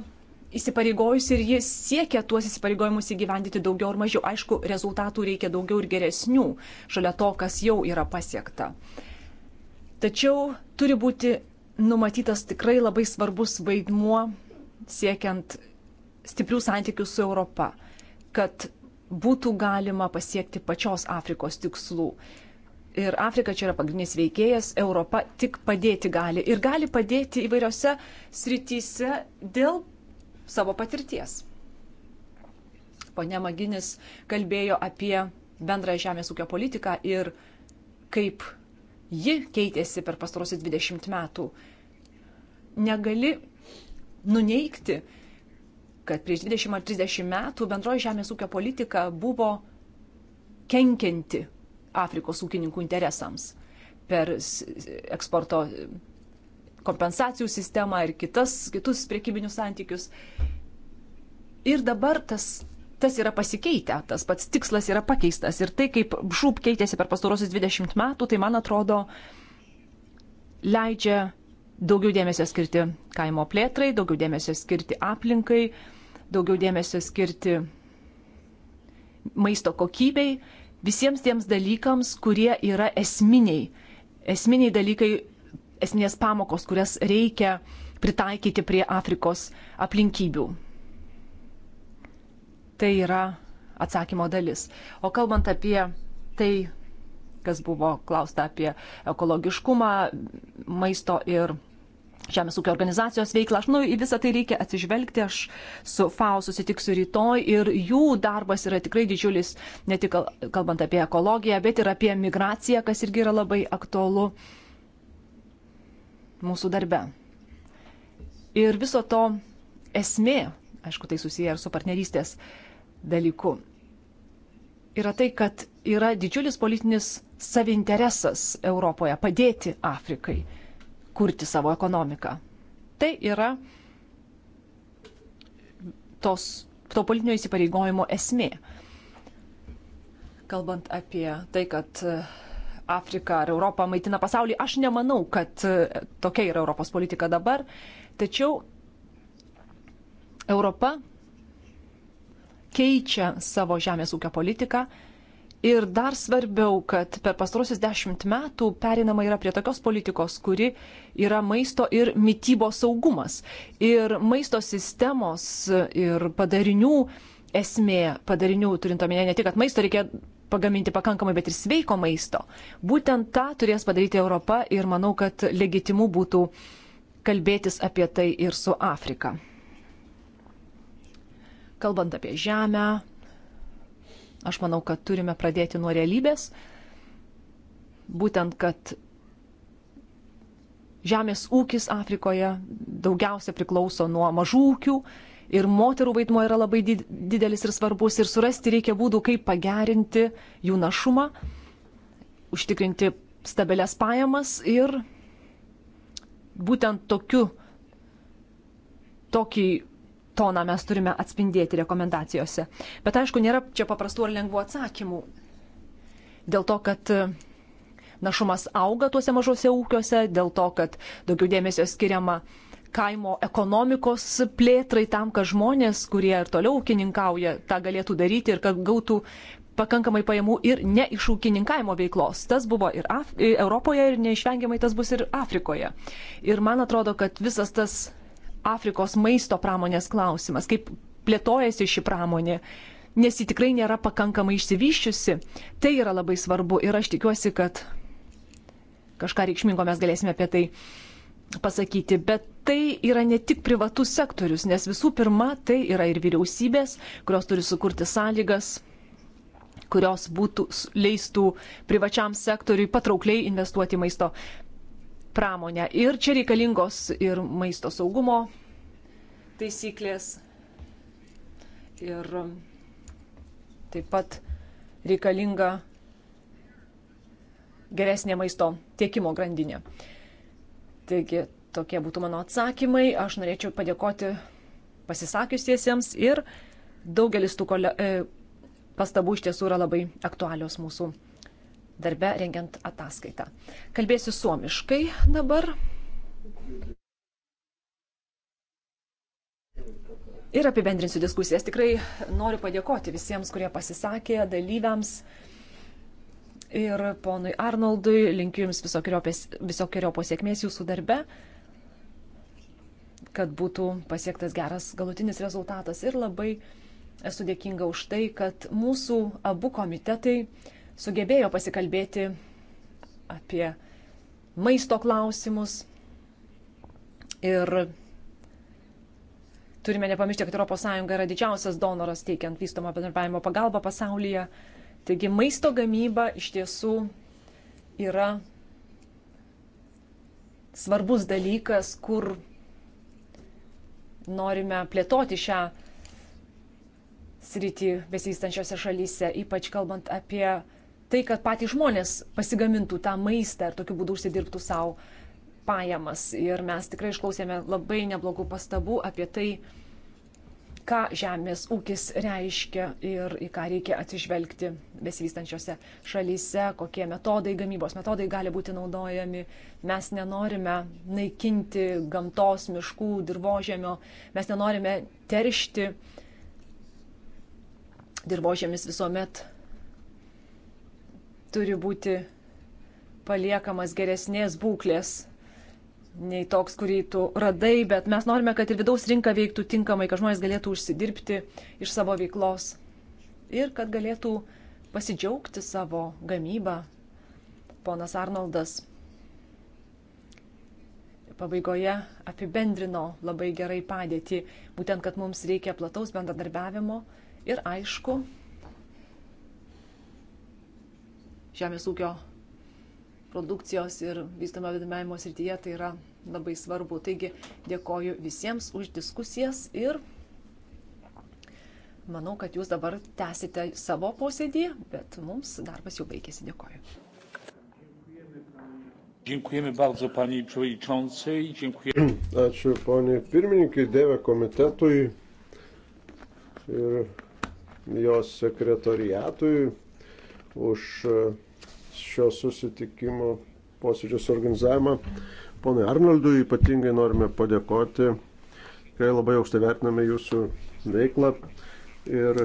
įsipareigojusi ir jis siekia tuos įsipareigojimus įgyvendyti daugiau ar mažiau. Aišku, rezultatų reikia daugiau ir geresnių šalia to, kas jau yra pasiekta. Tačiau turi būti numatytas tikrai labai svarbus vaidmuo siekiant stiprių santykių su Europa, kad būtų galima pasiekti pačios Afrikos tikslų. Ir Afrika čia yra pagrindinis veikėjas, Europa tik padėti gali ir gali padėti įvairiose srityse dėl savo patirties. Pone Maginis kalbėjo apie bendrąją žemės ūkio politiką ir kaip ji keitėsi per pastarosius 20 metų. Negali nuneikti, kad prieš 20 ar 30 metų bendroji žemės ūkio politika buvo kenkianti Afrikos ūkininkų interesams per eksporto kompensacijų sistemą ir kitas, kitus priekybinius santykius. Ir dabar tas, tas yra pasikeitę, tas pats tikslas yra pakeistas. Ir tai, kaip žūp keitėsi per pastarosius 20 metų, tai man atrodo leidžia daugiau dėmesio skirti kaimo plėtrai, daugiau dėmesio skirti aplinkai, daugiau dėmesio skirti maisto kokybei, visiems tiems dalykams, kurie yra esminiai. Esminiai dalykai esminės pamokos, kurias reikia pritaikyti prie Afrikos aplinkybių. Tai yra atsakymo dalis. O kalbant apie tai, kas buvo klausta apie ekologiškumą, maisto ir Žemės ūkio organizacijos veiklą. Aš manau, į visą tai reikia atsižvelgti. Aš su FAO susitiksiu rytoj ir jų darbas yra tikrai didžiulis, ne tik kalbant apie ekologiją, bet ir apie migraciją, kas irgi yra labai aktualu mūsų darbe. Ir viso to esmė, aišku, tai susiję ir su partnerystės dalyku, yra tai, kad yra didžiulis politinis savinteresas Europoje padėti Afrikai kurti savo ekonomiką. Tai yra tos, to politinio įsipareigojimo esmė. Kalbant apie tai, kad Afriką ar Europą maitina pasaulį. Aš nemanau, kad e, tokia yra Europos politika dabar, tačiau Europa keičia savo žemės ūkio politiką ir dar svarbiau, kad per pastarosius dešimt metų perinama yra prie tokios politikos, kuri yra maisto ir mytybos saugumas. Ir maisto sistemos ir padarinių esmė, padarinių turint omenyje ne tik, kad maisto reikia pagaminti pakankamai, bet ir sveiko maisto. Būtent tą turės padaryti Europa ir manau, kad legitimu būtų kalbėtis apie tai ir su Afrika. Kalbant apie žemę, aš manau, kad turime pradėti nuo realybės. Būtent, kad žemės ūkis Afrikoje daugiausia priklauso nuo mažų ūkių, ir moterų vaidmo yra labai didelis ir svarbus ir surasti reikia būdų, kaip pagerinti jų našumą, užtikrinti stabilias pajamas ir būtent tokiu, tokį toną mes turime atspindėti rekomendacijose. Bet aišku, nėra čia paprastų ar lengvų atsakymų. Dėl to, kad e, našumas auga tuose mažose ūkiuose, dėl to, kad daugiau dėmesio skiriama uh, kaimo ekonomikos plėtrai tam, kad žmonės, kurie ir toliau ūkininkauja, tą galėtų daryti ir kad gautų pakankamai pajamų ir ne iš ūkininkavimo veiklos. Tas buvo ir Af Europoje ir neišvengiamai tas bus ir Afrikoje. Ir man atrodo, kad visas tas Afrikos maisto pramonės klausimas, kaip plėtojasi ši pramonė, nes ji tikrai nėra pakankamai išsivyščiusi, tai yra labai svarbu ir aš tikiuosi, kad kažką reikšmingo mes galėsime apie tai pasakyti, bet tai yra ne tik privatus sektorius, nes visų pirma tai yra ir vyriausybės, kurios turi sukurti sąlygas, kurios būtų, leistų privačiam sektoriui patraukliai investuoti maisto pramonę. Ir čia reikalingos ir maisto saugumo taisyklės. Ir taip pat reikalinga geresnė maisto tiekimo grandinė. Taigi tokie būtų mano atsakymai. Aš norėčiau padėkoti pasisakiusiesiems ir daugelis tų kole... E, pastabų iš tiesų yra labai aktualios mūsų darbe rengiant ataskaitą. Kalbėsiu suomiškai dabar. Ir apibendrinsiu diskusijas. Tikrai noriu padėkoti visiems, kurie pasisakė, dalyviams ir ponui Arnoldui, linkiu Jums visokiojo pasiekmės Jūsų darbe, kad būtų pasiektas geras galutinis rezultatas. Ir labai esu dėkinga už tai, kad mūsų abu komitetai sugebėjo pasikalbėti apie maisto klausimus. Ir turime nepamiršti, kad ES yra didžiausias donoras teikiant vystomą bendradarbiavimo pagalbą pasaulyje. Taigi maisto gamyba iš tiesų yra svarbus dalykas, kur norime plėtoti šią sritį besivystančiose šalyse, ypač kalbant apie tai, kad patys žmonės pasigamintų tą maistą ir tokiu būdu užsidirbtų savo pajamas. Ir mes tikrai išklausėme labai neblogų pastabų apie tai, ką žemės ūkis reiškia ir į ką reikia atsižvelgti besivystančiose šalyse, kokie metodai, gamybos metodai gali būti naudojami. Mes nenorime naikinti gamtos, miškų, dirbožėmio, mes nenorime teršti. Dirbožėmis visuomet turi būti paliekamas geresnės būklės nei toks, kurį tu radai, bet mes norime, kad ir vidaus rinka veiktų tinkamai, kad žmonės galėtų užsidirbti iš savo veiklos ir kad galėtų pasidžiaugti savo gamybą. Ponas Arnoldas pabaigoje apibendrino labai gerai padėtį, būtent, kad mums reikia plataus bendradarbiavimo ir aišku, žemės ūkio produkcijos ir vystamo vedamėjimo srityje, tai yra labai svarbu. Taigi dėkoju visiems už diskusijas ir manau, kad jūs dabar tęsite savo posėdį, bet mums darbas jau baigėsi. Dėkoju. Dziękujemy bardzo Pani Przewodniczącej. Dziękujemy. [clears throat] Ačiū Panie Pirmininkai, Dėvė komitetui ir jos sekretoriatui už e, šio susitikimo posėdžio suorganizavimą. Ponai Arnoldui ypatingai norime padėkoti. Tikrai labai aukštai vertiname jūsų veiklą ir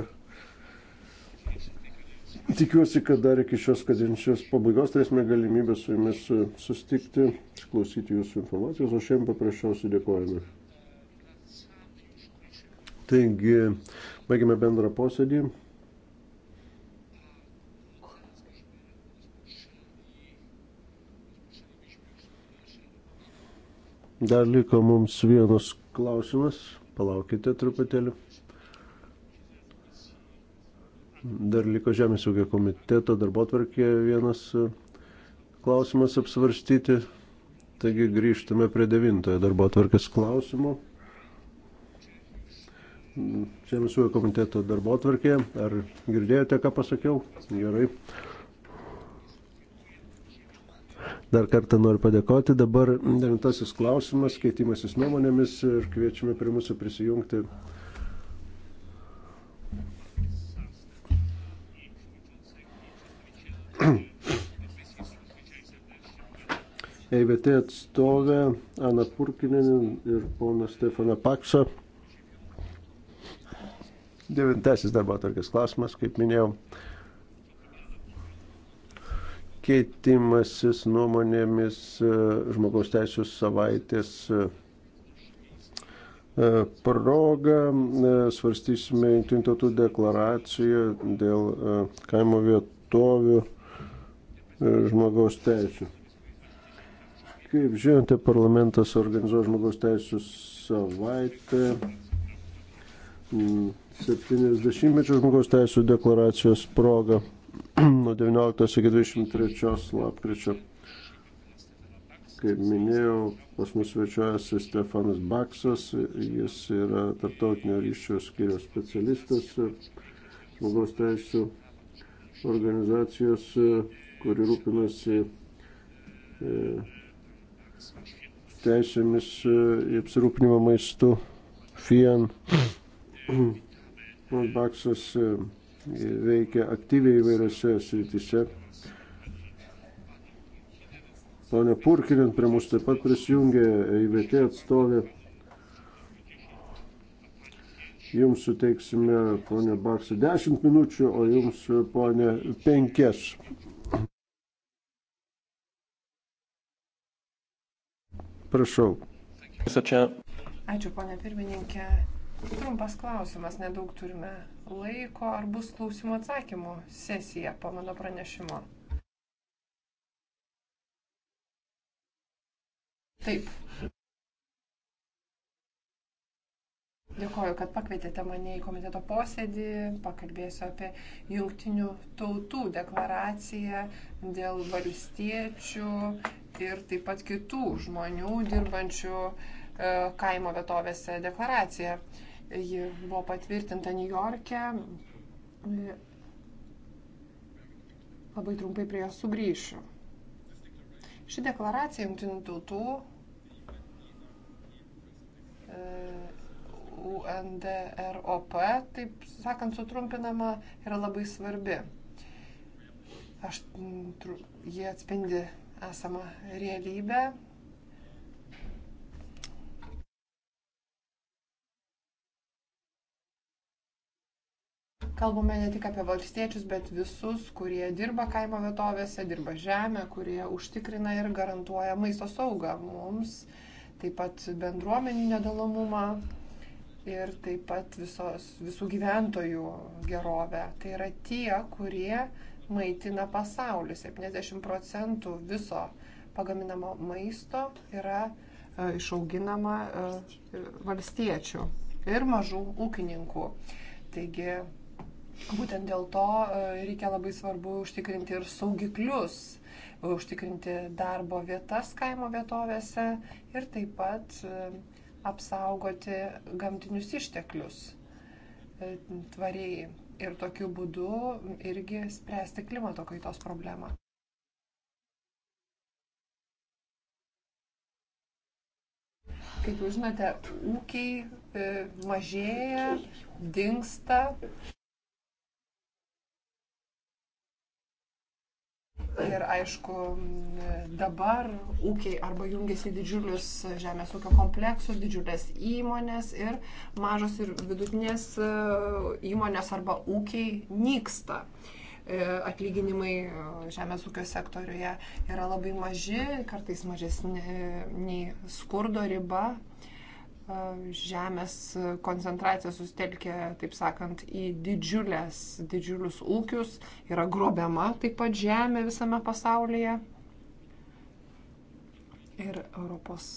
tikiuosi, kad dar iki šios kadencijos pabaigos turėsime galimybę su jumis sustikti, išklausyti jūsų informacijos, o šiandien paprasčiausiai dėkojame. Taigi, baigime bendrą posėdį. Dar liko mums vienas klausimas. Palaukite truputėlį. Dar liko Žemės ūkio komiteto darbo tvarkė vienas e, klausimas apsvarstyti. Taigi grįžtame prie devintojo darbo tvarkės klausimo. Žemės ūkio komiteto darbo tvarkė. Ar girdėjote, ką pasakiau? Gerai. Dar kartą noriu padėkoti. Dabar devintasis klausimas, keitimasis nuomonėmis ir kviečiame prie mūsų prisijungti. EVT [clears throat] e atstovė Ana Purkinin ir pono Stefano Pakso. Devintasis darbo atvarkės klausimas, kaip minėjau keitimasis nuomonėmis e, žmogaus teisų savaitės e, e, proga. Svarstysime Junktinių tautų deklaraciją dėl kaimo vietovių žmogaus teisų. Kaip žinote, parlamentas organizuoja žmogaus teisų savaitę. 70-mečio mm, žmogaus teisų deklaracijos proga nuo 19 iki 23 lapkričio. Kaip minėjau, pas mus svečiuojasi Stefanas Baksas, jis yra tarptautinio ryšio skiriaus specialistas žmogaus teisų organizacijos, kuri rūpinasi e, teisėmis į e, apsirūpinimą maistu FIAN. Baksas e, veikia aktyviai įvairiose srityse. Pane Purkinin prie mūsų taip pat prisijungė e IVT atstovė. Jums suteiksime, ponė Baksą, 10 minučių, o jums, ponė, 5. Prašau. Ačiū, ponė pirmininkė. Trumpas klausimas, nedaug turime laiko, ar bus klausimų atsakymų sesija po mano pranešimo. Taip. Dėkoju, kad pakvietėte mane į komiteto posėdį. Pakalbėsiu apie jungtinių tautų deklaraciją dėl valstiečių ir taip pat kitų žmonių dirbančių e, kaimo vietovėse deklaraciją. Ji buvo patvirtinta New York'e. Labai trumpai prie jos sugrįšiu. Ši deklaracija jungtinių tautų e, UNDROP, taip sakant, sutrumpinama, yra labai svarbi. Aš, jie atspindi esamą realybę, Kalbame ne tik apie valstiečius, bet visus, kurie dirba kaimo vietovėse, dirba žemę, kurie užtikrina ir garantuoja maisto saugą mums, taip pat bendruomenių nedalomumą ir taip pat visos, visų gyventojų gerovę. Tai yra tie, kurie maitina pasaulį. 70 procentų viso pagaminamo maisto yra e, išauginama e, valstiečių ir mažų ūkininkų. Taigi Būtent dėl to e, reikia labai svarbu užtikrinti ir saugiklius, užtikrinti darbo vietas kaimo vietovėse ir taip pat e, apsaugoti gamtinius išteklius e, tvariai ir tokiu būdu irgi spręsti klimato kaitos problemą. Kaip jūs žinote, ūkiai mažėja, dinksta. Ir aišku, dabar ūkiai arba jungiasi didžiulius žemės ūkio kompleksus, didžiulės įmonės ir mažos ir vidutinės e, įmonės arba ūkiai nyksta. E, atlyginimai e, žemės ūkio sektoriuje yra labai maži, kartais mažesni nei skurdo riba žemės koncentracija sustelkia, taip sakant, į didžiulės, didžiulius ūkius, yra grobiama taip pat žemė visame pasaulyje. Ir Europos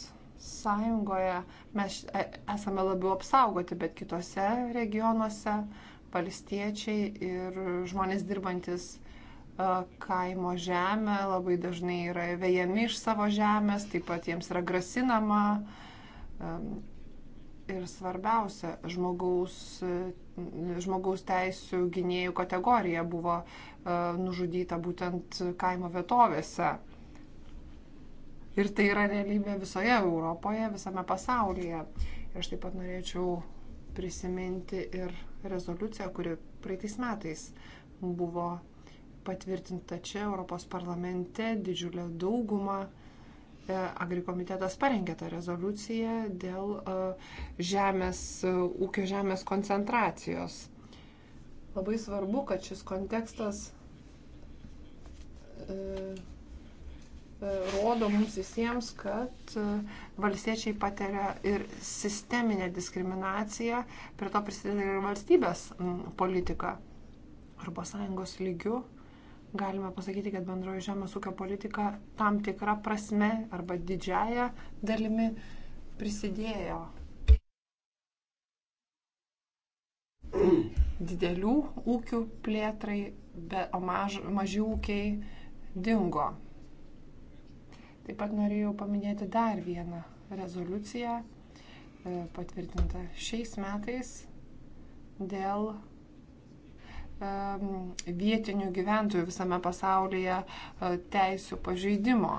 Sąjungoje mes e, esame labiau apsaugoti, bet kitose regionuose palestiečiai ir žmonės dirbantis kaimo žemę labai dažnai yra vėjami iš savo žemės, taip pat jiems yra grasinama ir svarbiausia žmogaus, žmogaus teisų gynėjų kategorija buvo e, nužudyta būtent kaimo vietovėse. Ir tai yra realybė visoje Europoje, visame pasaulyje. Ir aš taip pat norėčiau prisiminti ir rezoliuciją, kuri praeitais metais buvo patvirtinta čia Europos parlamente didžiulę daugumą Agrikomitetas parengė tą rezoliuciją dėl e, žemės, e, ūkio žemės koncentracijos. Labai svarbu, kad šis kontekstas e, rodo mums visiems, kad valstiečiai patiria ir sisteminę diskriminaciją, prie to prisideda ir valstybės politika. Arba sąjungos lygių galime pasakyti, kad bendroji žemės ūkio politika tam tikrą prasme arba didžiają dalimi prisidėjo didelių ūkių plėtrai, be, o maž, maži ūkiai dingo. Taip pat norėjau paminėti dar vieną rezoliuciją e, patvirtinta šiais metais dėl vietinių gyventojų visame pasaulyje e, teisų pažeidimo.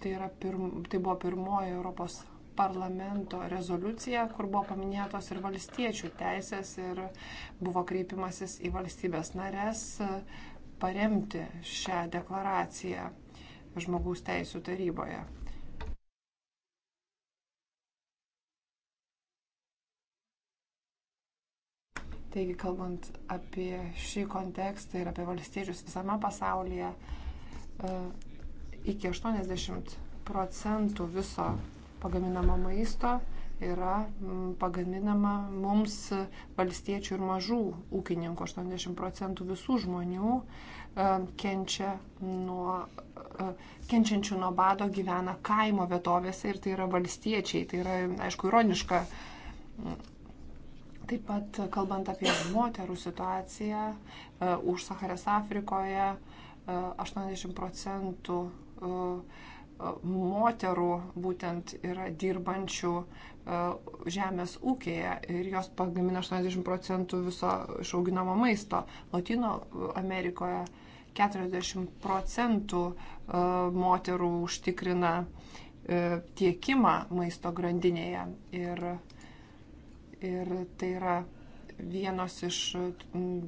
Tai, pirm, tai buvo pirmoji Europos parlamento rezoliucija, kur buvo paminėtos ir valstiečių teisės ir buvo kreipimasis į valstybės narės e, paremti šią deklaraciją žmogaus teisų taryboje. Taigi, kalbant apie šį kontekstą ir apie valstiečius visame pasaulyje, e, iki 80 procentų viso pagaminamo maisto yra pagaminama mums valstiečių ir mažų ūkininkų. 80 procentų visų žmonių e, kenčia nuo, e, kenčiančių nuo bado gyvena kaimo vietovėse ir tai yra valstiečiai. Tai yra, aišku, ironiška Taip pat e, kalbant apie moterų situaciją, e, už Saharės Afrikoje 80 e, procentų moterų būtent yra dirbančių žemės ūkėje ir jos pagamina 80 procentų viso išauginamo maisto. Latino Amerikoje 40 procentų moterų užtikrina tiekimą maisto grandinėje. Ir ir tai yra vienos iš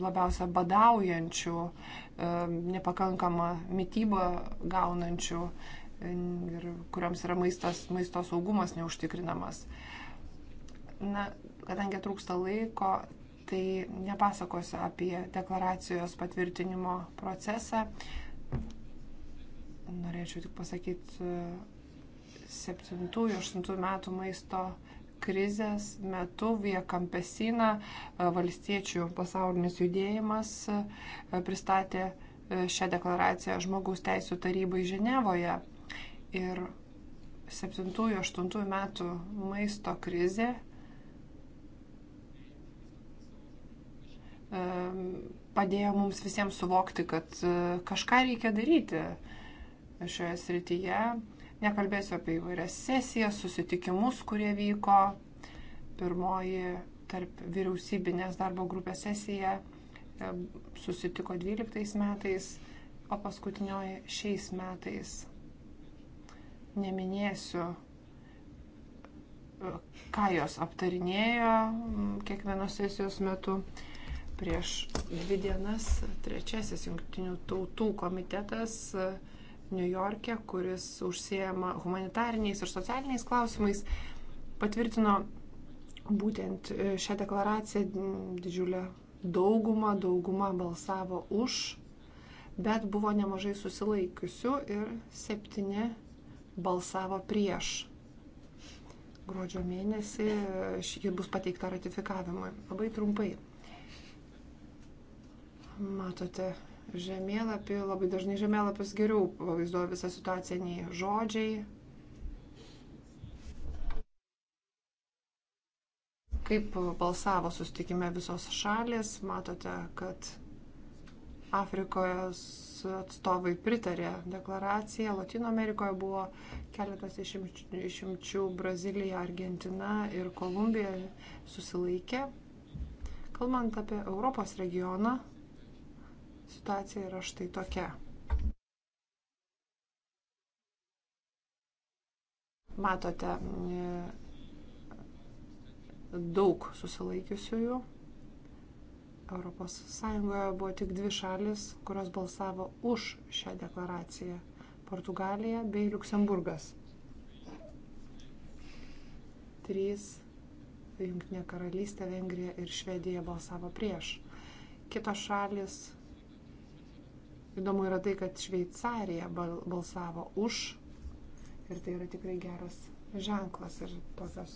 labiausia badaujančių, e, nepakankamą mytybą gaunančių e, ir kuriams yra maistas, maisto saugumas neužtikrinamas. Na, kadangi trūksta laiko, tai nepasakosiu apie deklaracijos patvirtinimo procesą. Norėčiau tik pasakyti e, 7-8 metų maisto uh, krizės metu Vie Kampesina e, valstiečių pasaulinis judėjimas e, pristatė e, šią deklaraciją žmogaus teisų tarybai Ženevoje. Ir 7-8 metų maisto krizė padėjo mums visiems suvokti, kad kažką reikia daryti šioje srityje. Nekalbėsiu apie įvairias sesijas, susitikimus, kurie vyko. Pirmoji tarp vyriausybinės darbo grupės sesija e, susitiko 12 metais, o paskutinioji šiais metais. Neminėsiu, e, ką jos aptarinėjo kiekvienos sesijos metu. Prieš dvi dienas trečiasis jungtinių tautų komitetas uh, New York'e, kuris užsiema humanitariniais ir socialiniais klausimais, patvirtino būtent e, šią deklaraciją didžiulę daugumą, daugumą balsavo už, bet buvo nemažai susilaikiusių ir septyni balsavo prieš gruodžio mėnesį e, ji bus pateikta ratifikavimui. Labai trumpai. Matote žemėlapį, labai dažnai žemėlapis geriau pavaizduoja visą situaciją nei žodžiai. Kaip balsavo sustikime visos šalis, matote, kad Afrikos atstovai pritarė deklaraciją, Latino Amerikoje buvo keletas išimčių, Brazilija, Argentina ir Kolumbija susilaikė. Kalbant apie Europos regioną, situacija yra štai tokia. Matote e, daug susilaikiusiųjų. Europos Sąjungoje buvo tik dvi šalis, kurios balsavo už šią deklaraciją - Portugalija bei Luksemburgas. Trys Junktinė karalystė, Vengrija ir Švedija balsavo prieš. Kitos šalis Įdomu yra tai, kad Šveicarija balsavo už ir tai yra tikrai geras ženklas. Ir tokios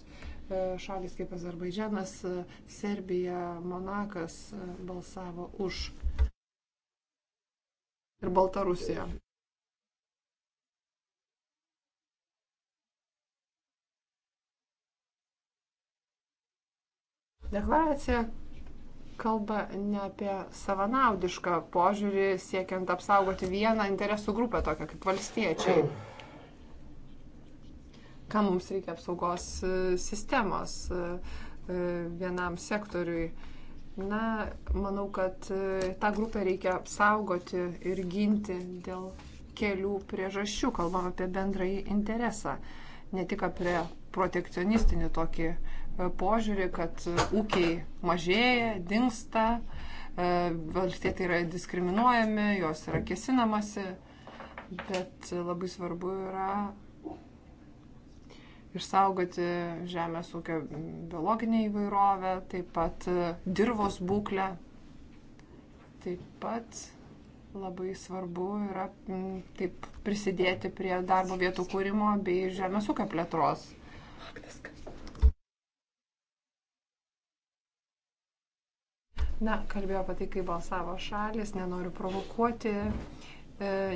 e, šalis kaip Azerbaidžianas, e, Serbija, Monakas e, balsavo už. Ir Baltarusija. Deklaracija kalba ne apie savanaudišką požiūrį siekiant apsaugoti vieną interesų grupę, tokią kaip valstiečiai. Kam mums reikia apsaugos e, sistemos e, e, vienam sektoriui? Na, manau, kad tą grupę reikia apsaugoti ir ginti dėl kelių priežasčių. Kalbam apie bendrąjį interesą, ne tik apie protekcionistinį tokį uh, požiūrį, kad ūkiai mažėja, dinksta, e, valstietai yra diskriminuojami, jos yra kesinamasi, bet labai svarbu yra išsaugoti žemės ūkio biologinę įvairovę, taip pat dirvos būklę. Taip pat labai svarbu yra taip prisidėti prie darbo vietų kūrimo bei žemės ūkio plėtros. Na, kalbėjau apie tai, kaip balsavo šalis, nenoriu provokuoti, e,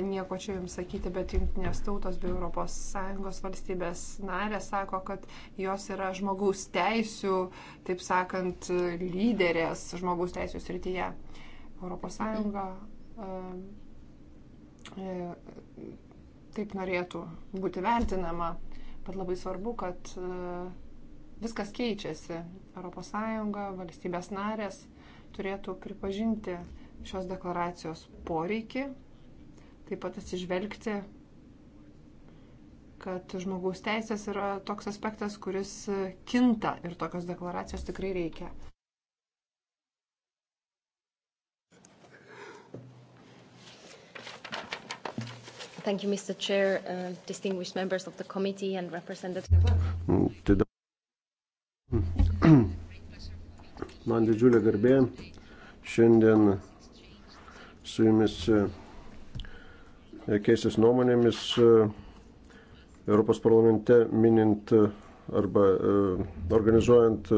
nieko čia jums sakyti, bet jungtinės tautos bei ES valstybės narė sako, kad jos yra žmogaus teisų, taip sakant, lyderės žmogaus teisų srityje. ES e, e, taip norėtų būti vertinama, bet labai svarbu, kad e, viskas keičiasi. ES, valstybės narės turėtų pripažinti šios deklaracijos poreikį, taip pat atsižvelgti, kad žmogaus teisės yra toks aspektas, kuris kinta ir tokios deklaracijos tikrai reikia. Thank you, Mr. Chair, uh, distinguished members of the committee and representatives. Mm, Man didžiulė garbė šiandien su jumis e, keistis nuomonėmis e, Europos parlamente minint e, arba organizuojant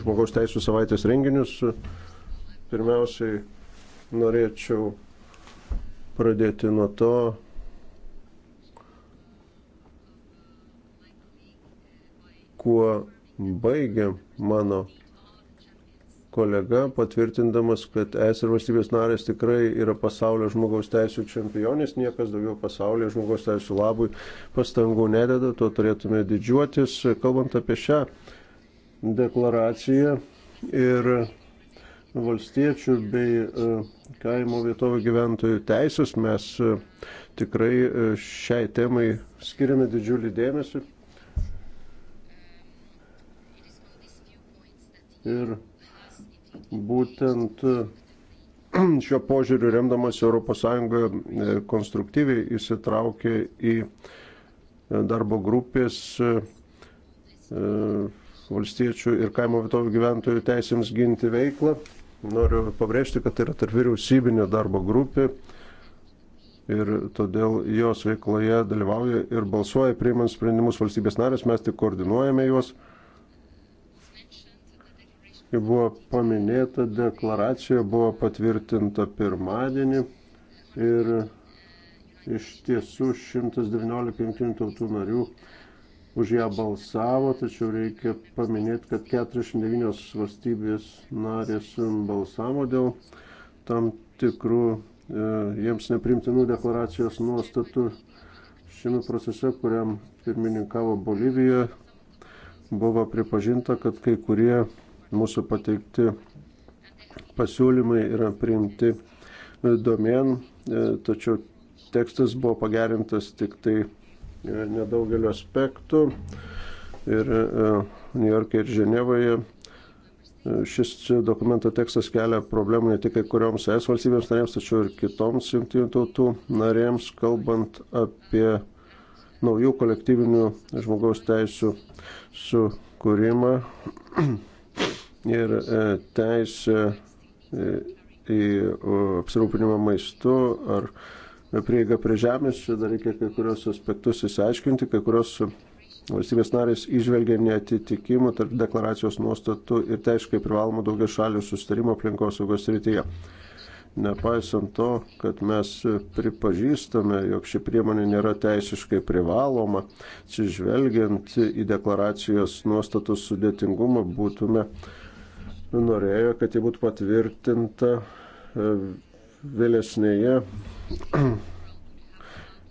žmogaus teisų savaitės renginius. Pirmiausiai norėčiau pradėti nuo to, kuo baigė mano kolega, patvirtindamas, kad es ir valstybės narės tikrai yra pasaulio žmogaus teisų čempionės, niekas daugiau pasaulio žmogaus teisų labui pastangų nededa, tuo turėtume didžiuotis, kalbant apie šią deklaraciją. Ir valstiečių bei e, kaimo vietovių gyventojų teisės mes e, tikrai e, šiai temai skiriame didžiulį dėmesį. Ir būtent [clears throat] šiuo požiūriu remdamas ES e, konstruktyviai įsitraukė į e, darbo grupės e, valstiečių ir kaimo vietovių gyventojų teisėms ginti veiklą. Noriu pabrėžti, kad tai yra tarp vyriausybinė darbo grupė ir todėl jos veikloje dalyvauja ir balsuoja priimant sprendimus valstybės narės, mes tik koordinuojame juos. Kaip buvo paminėta, deklaracija buvo patvirtinta pirmadienį ir iš tiesų 119 jungtinių tautų narių už ją balsavo, tačiau reikia paminėti, kad 49 valstybės narės balsavo dėl tam tikrų e, jiems neprimtinų deklaracijos nuostatų. Šiame procese, kuriam pirmininkavo Bolivija, buvo pripažinta, kad kai kurie mūsų pateikti pasiūlymai yra priimti e, domen, e, tačiau tekstas buvo pagerintas tik tai e, nedaugelio aspektų ir New York'e ir Ženevoje Šis dokumento tekstas kelia problemų ne tik kai kurioms es valstybėms narėms, tačiau ir kitoms jungtinių tautų narėms, kalbant apie naujų kolektyvinių žmogaus teisų sukūrimą. [clears throat] ir e, teisę e, į apsirūpinimą maistu ar prieigą prie žemės. Čia dar reikia kai kurios aspektus įsiaiškinti, kai kurios valstybės narės išvelgia netitikimų tarp deklaracijos nuostatų ir teiškai privalomų daugia šalių sustarimo aplinkosaugos rytyje. Nepaisant to, kad mes pripažįstame, jog ši priemonė nėra teisiškai privaloma, atsižvelgiant į deklaracijos nuostatos sudėtingumą, būtume uh, norėjo, kad ji būtų patvirtinta e, vėlesnėje [clears throat]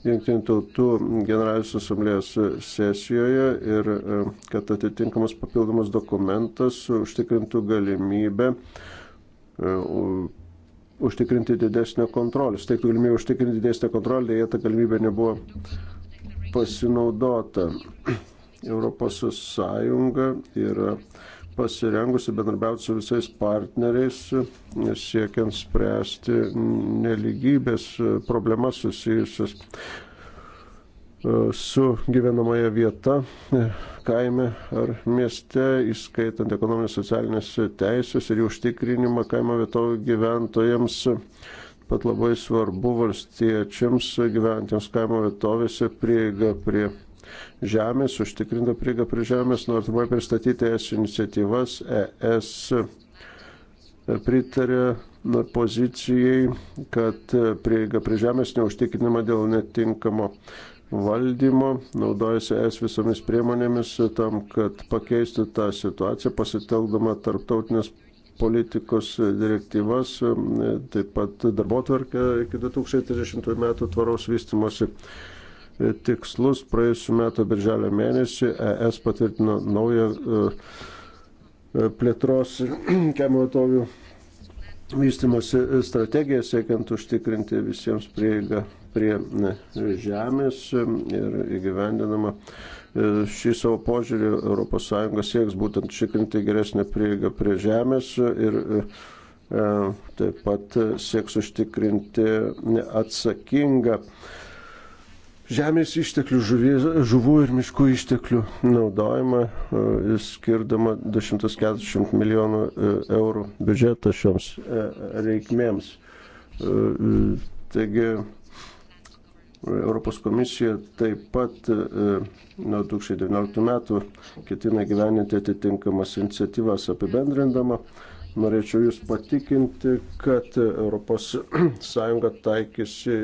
Junktinių tautų generalinės asamblėjos sesijoje ir e, kad atitinkamas papildomas dokumentas užtikrintų galimybę e, užtikrinti didesnę kontrolę. Steigtų galimybę užtikrinti didesnę kontrolę, jie ta galimybė nebuvo pasinaudota. [clears throat] Europos Sąjunga yra pasirengusi bendrabiauti su visais partneriais, siekiant spręsti neligybės problemas susijusias e, su gyvenamoje vieta, e, kaime ar mieste, įskaitant ekonominės socialinės teisės ir jų užtikrinimą kaimo vietovių gyventojams, pat labai svarbu valstiečiams gyventiems kaimo vietovėse prieiga prie žemės, užtikrinta prieiga prie žemės, nors buvo pristatyti es iniciatyvas, es pritarė pozicijai, kad prieiga prie žemės neužtikrinama dėl netinkamo valdymo, naudojasi es visomis priemonėmis tam, kad pakeistų tą situaciją, pasitelkdama tarptautinės politikos direktyvas, taip pat darbo tvarkę iki 2030 metų tvaros vystimosi tikslus. Praėjusiu metu birželio mėnesį ES patvirtino naują e, e, plėtros [clears throat] kaimo vietovių vystimosi strategiją, siekiant užtikrinti visiems prieigą prie e, žemės ir įgyvendinama šį savo požiūrį ES sieks būtent užtikrinti geresnę prieigą prie žemės ir taip pat sieks užtikrinti atsakingą žemės išteklių, žuvies, žuvų ir miškų išteklių naudojimą, e, skirdama 240 milijonų e, eurų biudžetą šioms e, reikmėms. Taigi Europos komisija taip pat nuo 2019 metų ketina gyveninti atitinkamas iniciatyvas apibendrindama Norėčiau Jūs patikinti, kad ES [clears throat] taikysi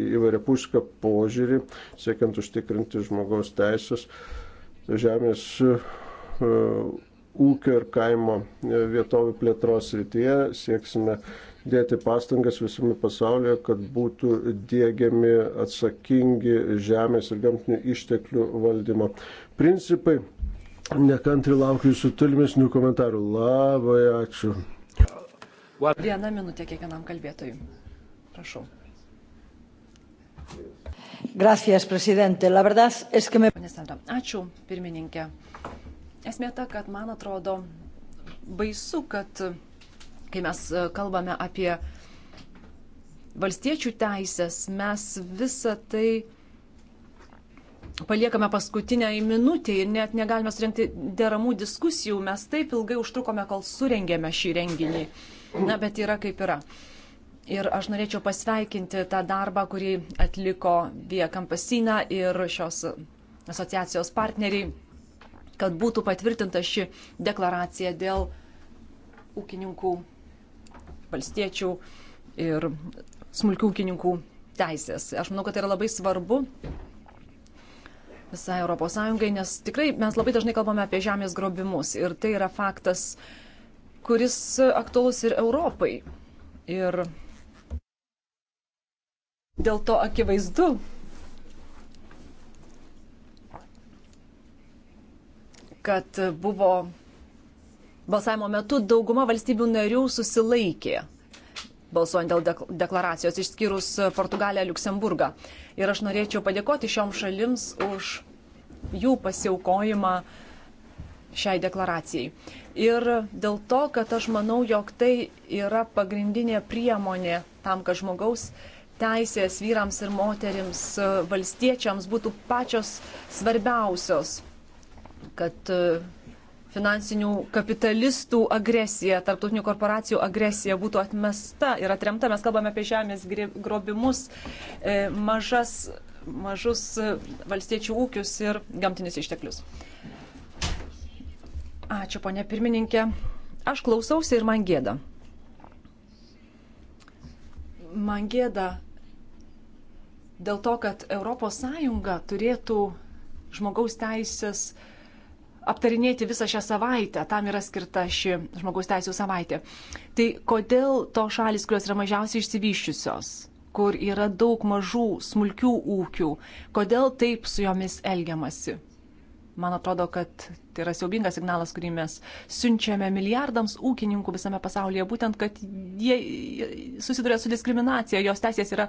įvairiapušką požiūrį, siekiant užtikrinti žmogaus teisės žemės e, ūkio ir kaimo vietovių plėtros rytyje. Sieksime dėti pastangas visame pasaulyje, kad būtų dėgiami atsakingi žemės ir gamtinių išteklių valdymo principai. Nekantri laukiu jūsų tolimesnių komentarų. Labai ačiū. Viena minutė kiekvienam kalbėtojui. Prašau. Gracias, presidente. La verdad es que me... Ačiū, pirmininkė. Esmė ta, kad man atrodo baisu, kad kai mes e, kalbame apie valstiečių teisės, mes visą tai paliekame paskutinę į minutę ir net negalime surinkti deramų diskusijų. Mes taip ilgai užtrukome, kol surengėme šį renginį. Na, bet yra kaip yra. Ir aš norėčiau pasveikinti tą darbą, kurį atliko Via Kampasina ir šios asociacijos partneriai, kad būtų patvirtinta ši deklaracija dėl ūkininkų, valstiečių ir smulkių ūkininkų teisės. Aš manau, kad tai yra labai svarbu visai ES, nes tikrai mes labai dažnai kalbame apie žemės grobimus ir tai yra faktas, kuris aktuolus ir Europai. Ir dėl to akivaizdu, kad buvo balsavimo metu dauguma valstybių narių susilaikė balsuojant dėl deklaracijos, išskyrus e, Portugaliją, Luksemburgą. Ir aš norėčiau padėkoti šiom šalims už jų pasiaukojimą šiai deklaracijai. Ir dėl to, kad aš manau, jog tai yra pagrindinė priemonė tam, kad žmogaus teisės vyrams ir moterims, e, valstiečiams būtų pačios svarbiausios, kad uh, finansinių kapitalistų agresija, tarptautinių korporacijų agresija būtų atmesta ir atremta. Mes kalbame apie žemės grobimus, e, mažas, mažus e, valstiečių ūkius ir gamtinius išteklius. Ačiū, ponė pirmininkė. Aš klausausi ir man gėda. Man gėda dėl to, kad ES turėtų žmogaus teisės uh, aptarinėti visą šią savaitę, tam yra skirta ši žmogaus teisų savaitė. Tai kodėl to šalis, kurios yra mažiausiai išsivyščiusios, kur yra daug mažų, smulkių ūkių, kodėl taip su jomis elgiamasi? Man atrodo, kad tai yra siaubingas signalas, kurį mes siunčiame milijardams ūkininkų visame pasaulyje, būtent, kad jie susiduria su diskriminacija, jos teisės yra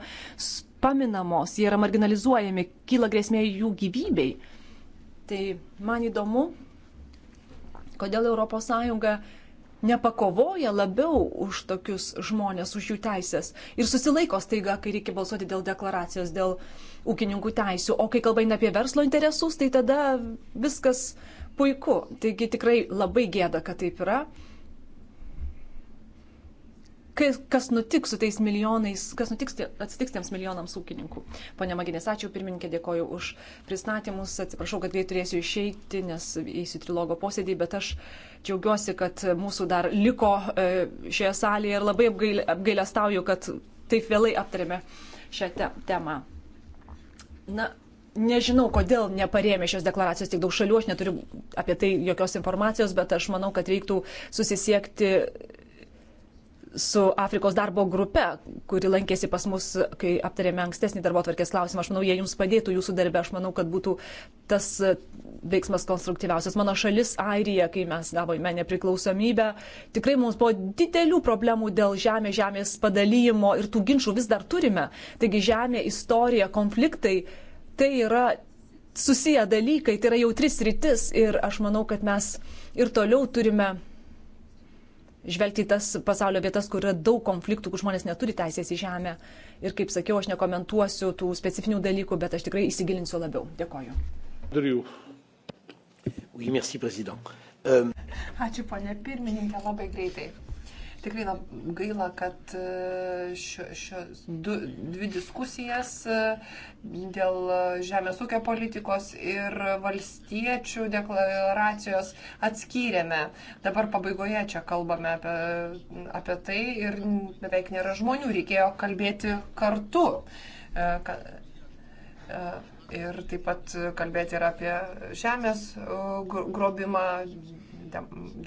paminamos, jie yra marginalizuojami, kyla grėsmė jų gyvybei. Tai man įdomu, Kodėl ES nepakovoja labiau už tokius žmonės, už jų teisės ir susilaiko staiga, kai reikia balsuoti dėl deklaracijos, dėl ūkininkų teisų. O kai kalba eina apie verslo interesus, tai tada viskas puiku. Taigi tikrai labai gėda, kad taip yra kas, kas nutiks su tais milijonais, kas nutiks atsitiks tiems milijonams ūkininkų. Pone Maginės, ačiū, pirmininkė, dėkoju už pristatymus, atsiprašau, kad greit turėsiu išeiti, nes eisiu trilogo posėdį, bet aš džiaugiuosi, kad mūsų dar liko e, šioje salėje ir labai apgailę stauju, kad taip vėlai aptarėme šią te temą. Na, nežinau, kodėl neparėmė šios deklaracijos tiek daug šalių, aš neturiu apie tai jokios informacijos, bet aš manau, kad reiktų susisiekti su Afrikos darbo grupe, kuri lankėsi pas mus, kai aptarėme ankstesnį darbo tvarkės klausimą. Aš manau, jie jums padėtų jūsų darbę. Aš manau, kad būtų tas veiksmas konstruktyviausias. Mano šalis, Airija, kai mes gavome nepriklausomybę, tikrai mums buvo didelių problemų dėl žemės, žemės padalymo ir tų ginčių vis dar turime. Taigi žemė, istorija, konfliktai, tai yra susiję dalykai, tai yra jautris rytis ir aš manau, kad mes ir toliau turime žvelgti į tas pasaulio vietas, kur yra daug konfliktų, kur žmonės neturi teisės į žemę. Ir kaip sakiau, aš nekomentuosiu tų specifinių dalykų, bet aš tikrai įsigilinsiu labiau. Dėkoju. Oui, merci, um... Ačiū, ponė pirmininkė, labai greitai. Tikrai lab, gaila, kad e, šios šio, du, dvi diskusijas e, dėl žemės ūkio politikos ir valstiečių deklaracijos atskyrėme. Dabar pabaigoje čia kalbame apie, apie tai ir beveik nėra žmonių, reikėjo kalbėti kartu. E, ir taip pat kalbėti ir apie žemės grobimą,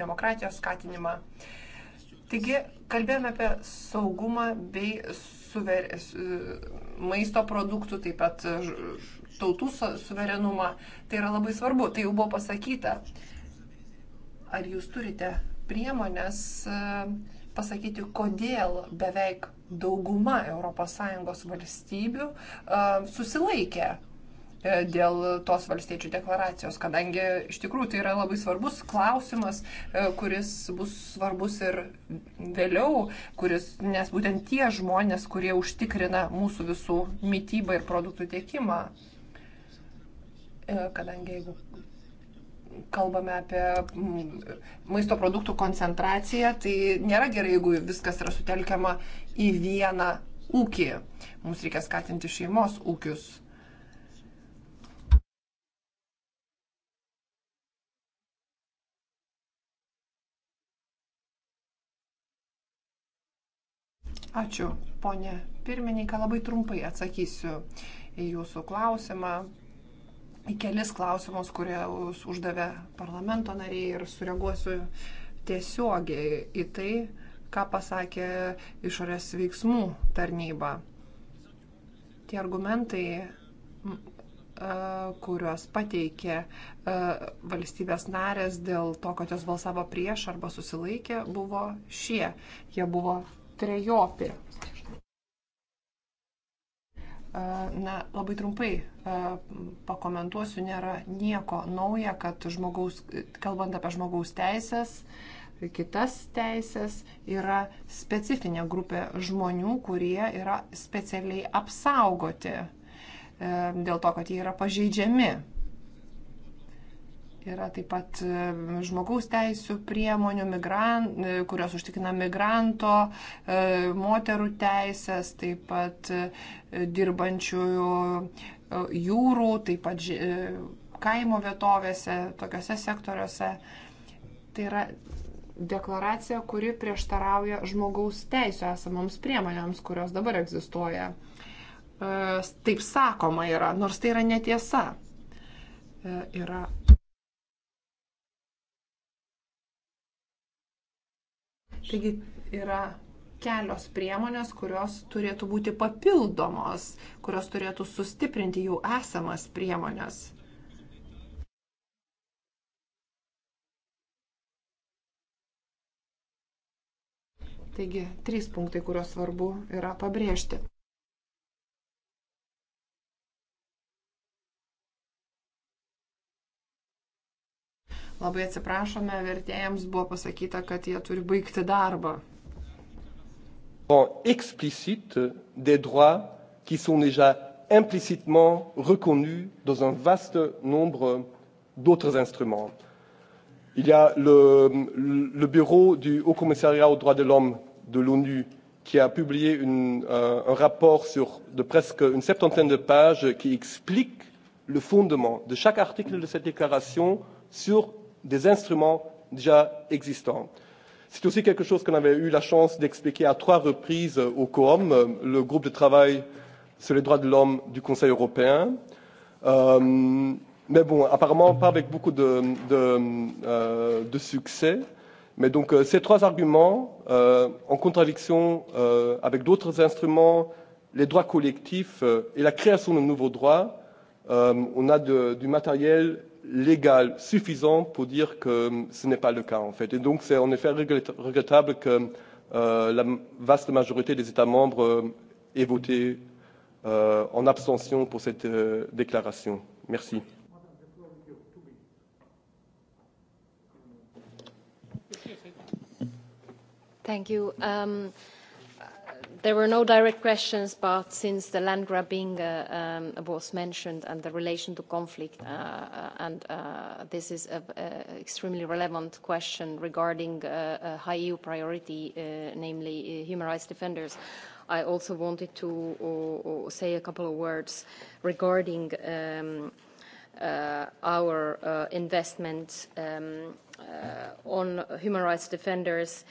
demokratijos skatinimą. Uh, Taigi, kalbėjome apie saugumą bei suver... maisto produktų, taip pat tautų suverenumą. Tai yra labai svarbu, tai jau buvo pasakyta. Ar jūs turite priemonės e, pasakyti, kodėl beveik dauguma ES valstybių e, susilaikė E, dėl tos valstiečių deklaracijos, kadangi iš tikrųjų tai yra labai svarbus klausimas, e, kuris bus svarbus ir vėliau, kuris, nes būtent tie žmonės, kurie užtikrina mūsų visų mytybą ir produktų tiekimą. E, kadangi jeigu kalbame apie mm, maisto produktų koncentraciją, tai nėra gerai, jeigu viskas yra sutelkiama į vieną ūkį. Mums reikia skatinti šeimos ūkius. Ačiū, ponė pirmininkė, labai trumpai atsakysiu į jūsų klausimą, į kelis klausimus, kurie uždavė parlamento nariai ir sureaguosiu tiesiogiai į tai, ką pasakė išorės veiksmų tarnyba. Tie argumentai, kuriuos pateikė valstybės narės dėl to, kad jos balsavo prieš arba susilaikė, buvo šie. Jie buvo trejopi. E, na, labai trumpai e, pakomentuosiu, nėra nieko nauja, kad žmogaus, kalbant apie žmogaus teisės, kitas teisės, yra specifinė grupė žmonių, kurie yra specialiai apsaugoti e, dėl to, kad jie yra pažeidžiami Yra taip pat e, žmogaus teisų priemonių, migran, e, kurios užtikrina migranto, e, moterų teisės, taip pat dirbančiųjų jūrų, taip pat kaimo vietovėse, tokiuose sektoriuose. Tai yra deklaracija, kuri prieštarauja žmogaus teisų esamoms priemonėms, kurios dabar egzistuoja. Taip sakoma yra, nors tai yra netiesa. Yra Taigi yra kelios priemonės, kurios turėtų būti papildomos, kurios turėtų sustiprinti jau esamas priemonės. Taigi, trys punktai, kuriuos svarbu yra pabrėžti. Labai atsiprašome, vertėjams buvo pasakyta, kad jie turi baigti darbą. explicite des droits qui sont déjà implicitement reconnus dans un vaste nombre d'autres instruments. Il y a le, le bureau du Haut Commissariat aux droits de l'homme de l'ONU qui a publié une, euh, un rapport sur de presque une septantaine de pages qui explique le fondement de chaque article de cette déclaration sur des instruments déjà existants. C'est aussi quelque chose qu'on avait eu la chance d'expliquer à trois reprises au COOM, le groupe de travail sur les droits de l'homme du Conseil européen. Euh, mais bon, apparemment pas avec beaucoup de, de, euh, de succès. Mais donc euh, ces trois arguments, euh, en contradiction euh, avec d'autres instruments, les droits collectifs euh, et la création de nouveaux droits, euh, on a de, du matériel légal suffisant pour dire que ce n'est pas le cas en fait. Et donc c'est en effet regrettable que euh, la vaste majorité des États membres euh, aient voté euh, en abstention pour cette euh, déclaration. Merci. Thank you. Um, There were no direct questions, but since the land grabbing uh, um, was mentioned and the relation to conflict, uh, uh and uh, this is an extremely relevant question regarding uh, a high EU priority, uh, namely uh, human rights defenders, I also wanted to or, uh, or uh, say a couple of words regarding um, uh, our uh, investment um, uh, on human rights defenders. Uh,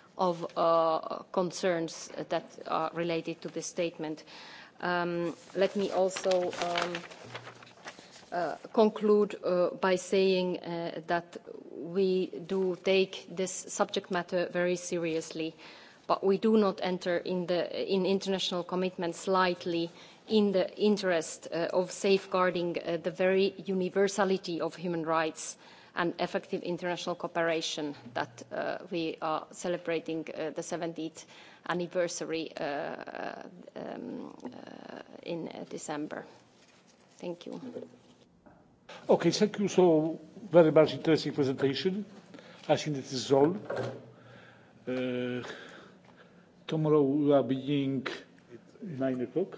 of uh, concerns that are related to this statement. Um, let me also um, uh, conclude uh, by saying uh, that we do take this subject matter very seriously, but we do not enter in, the, in international commitments lightly in the interest uh, of safeguarding uh, the very universality of human rights uh, and effective international cooperation that uh, we are celebrating uh, the 70th anniversary uh, um, uh, in December. Thank you. Okay, thank you so very much interesting presentation. I think this is all. Uh, tomorrow we are beginning 9 o'clock.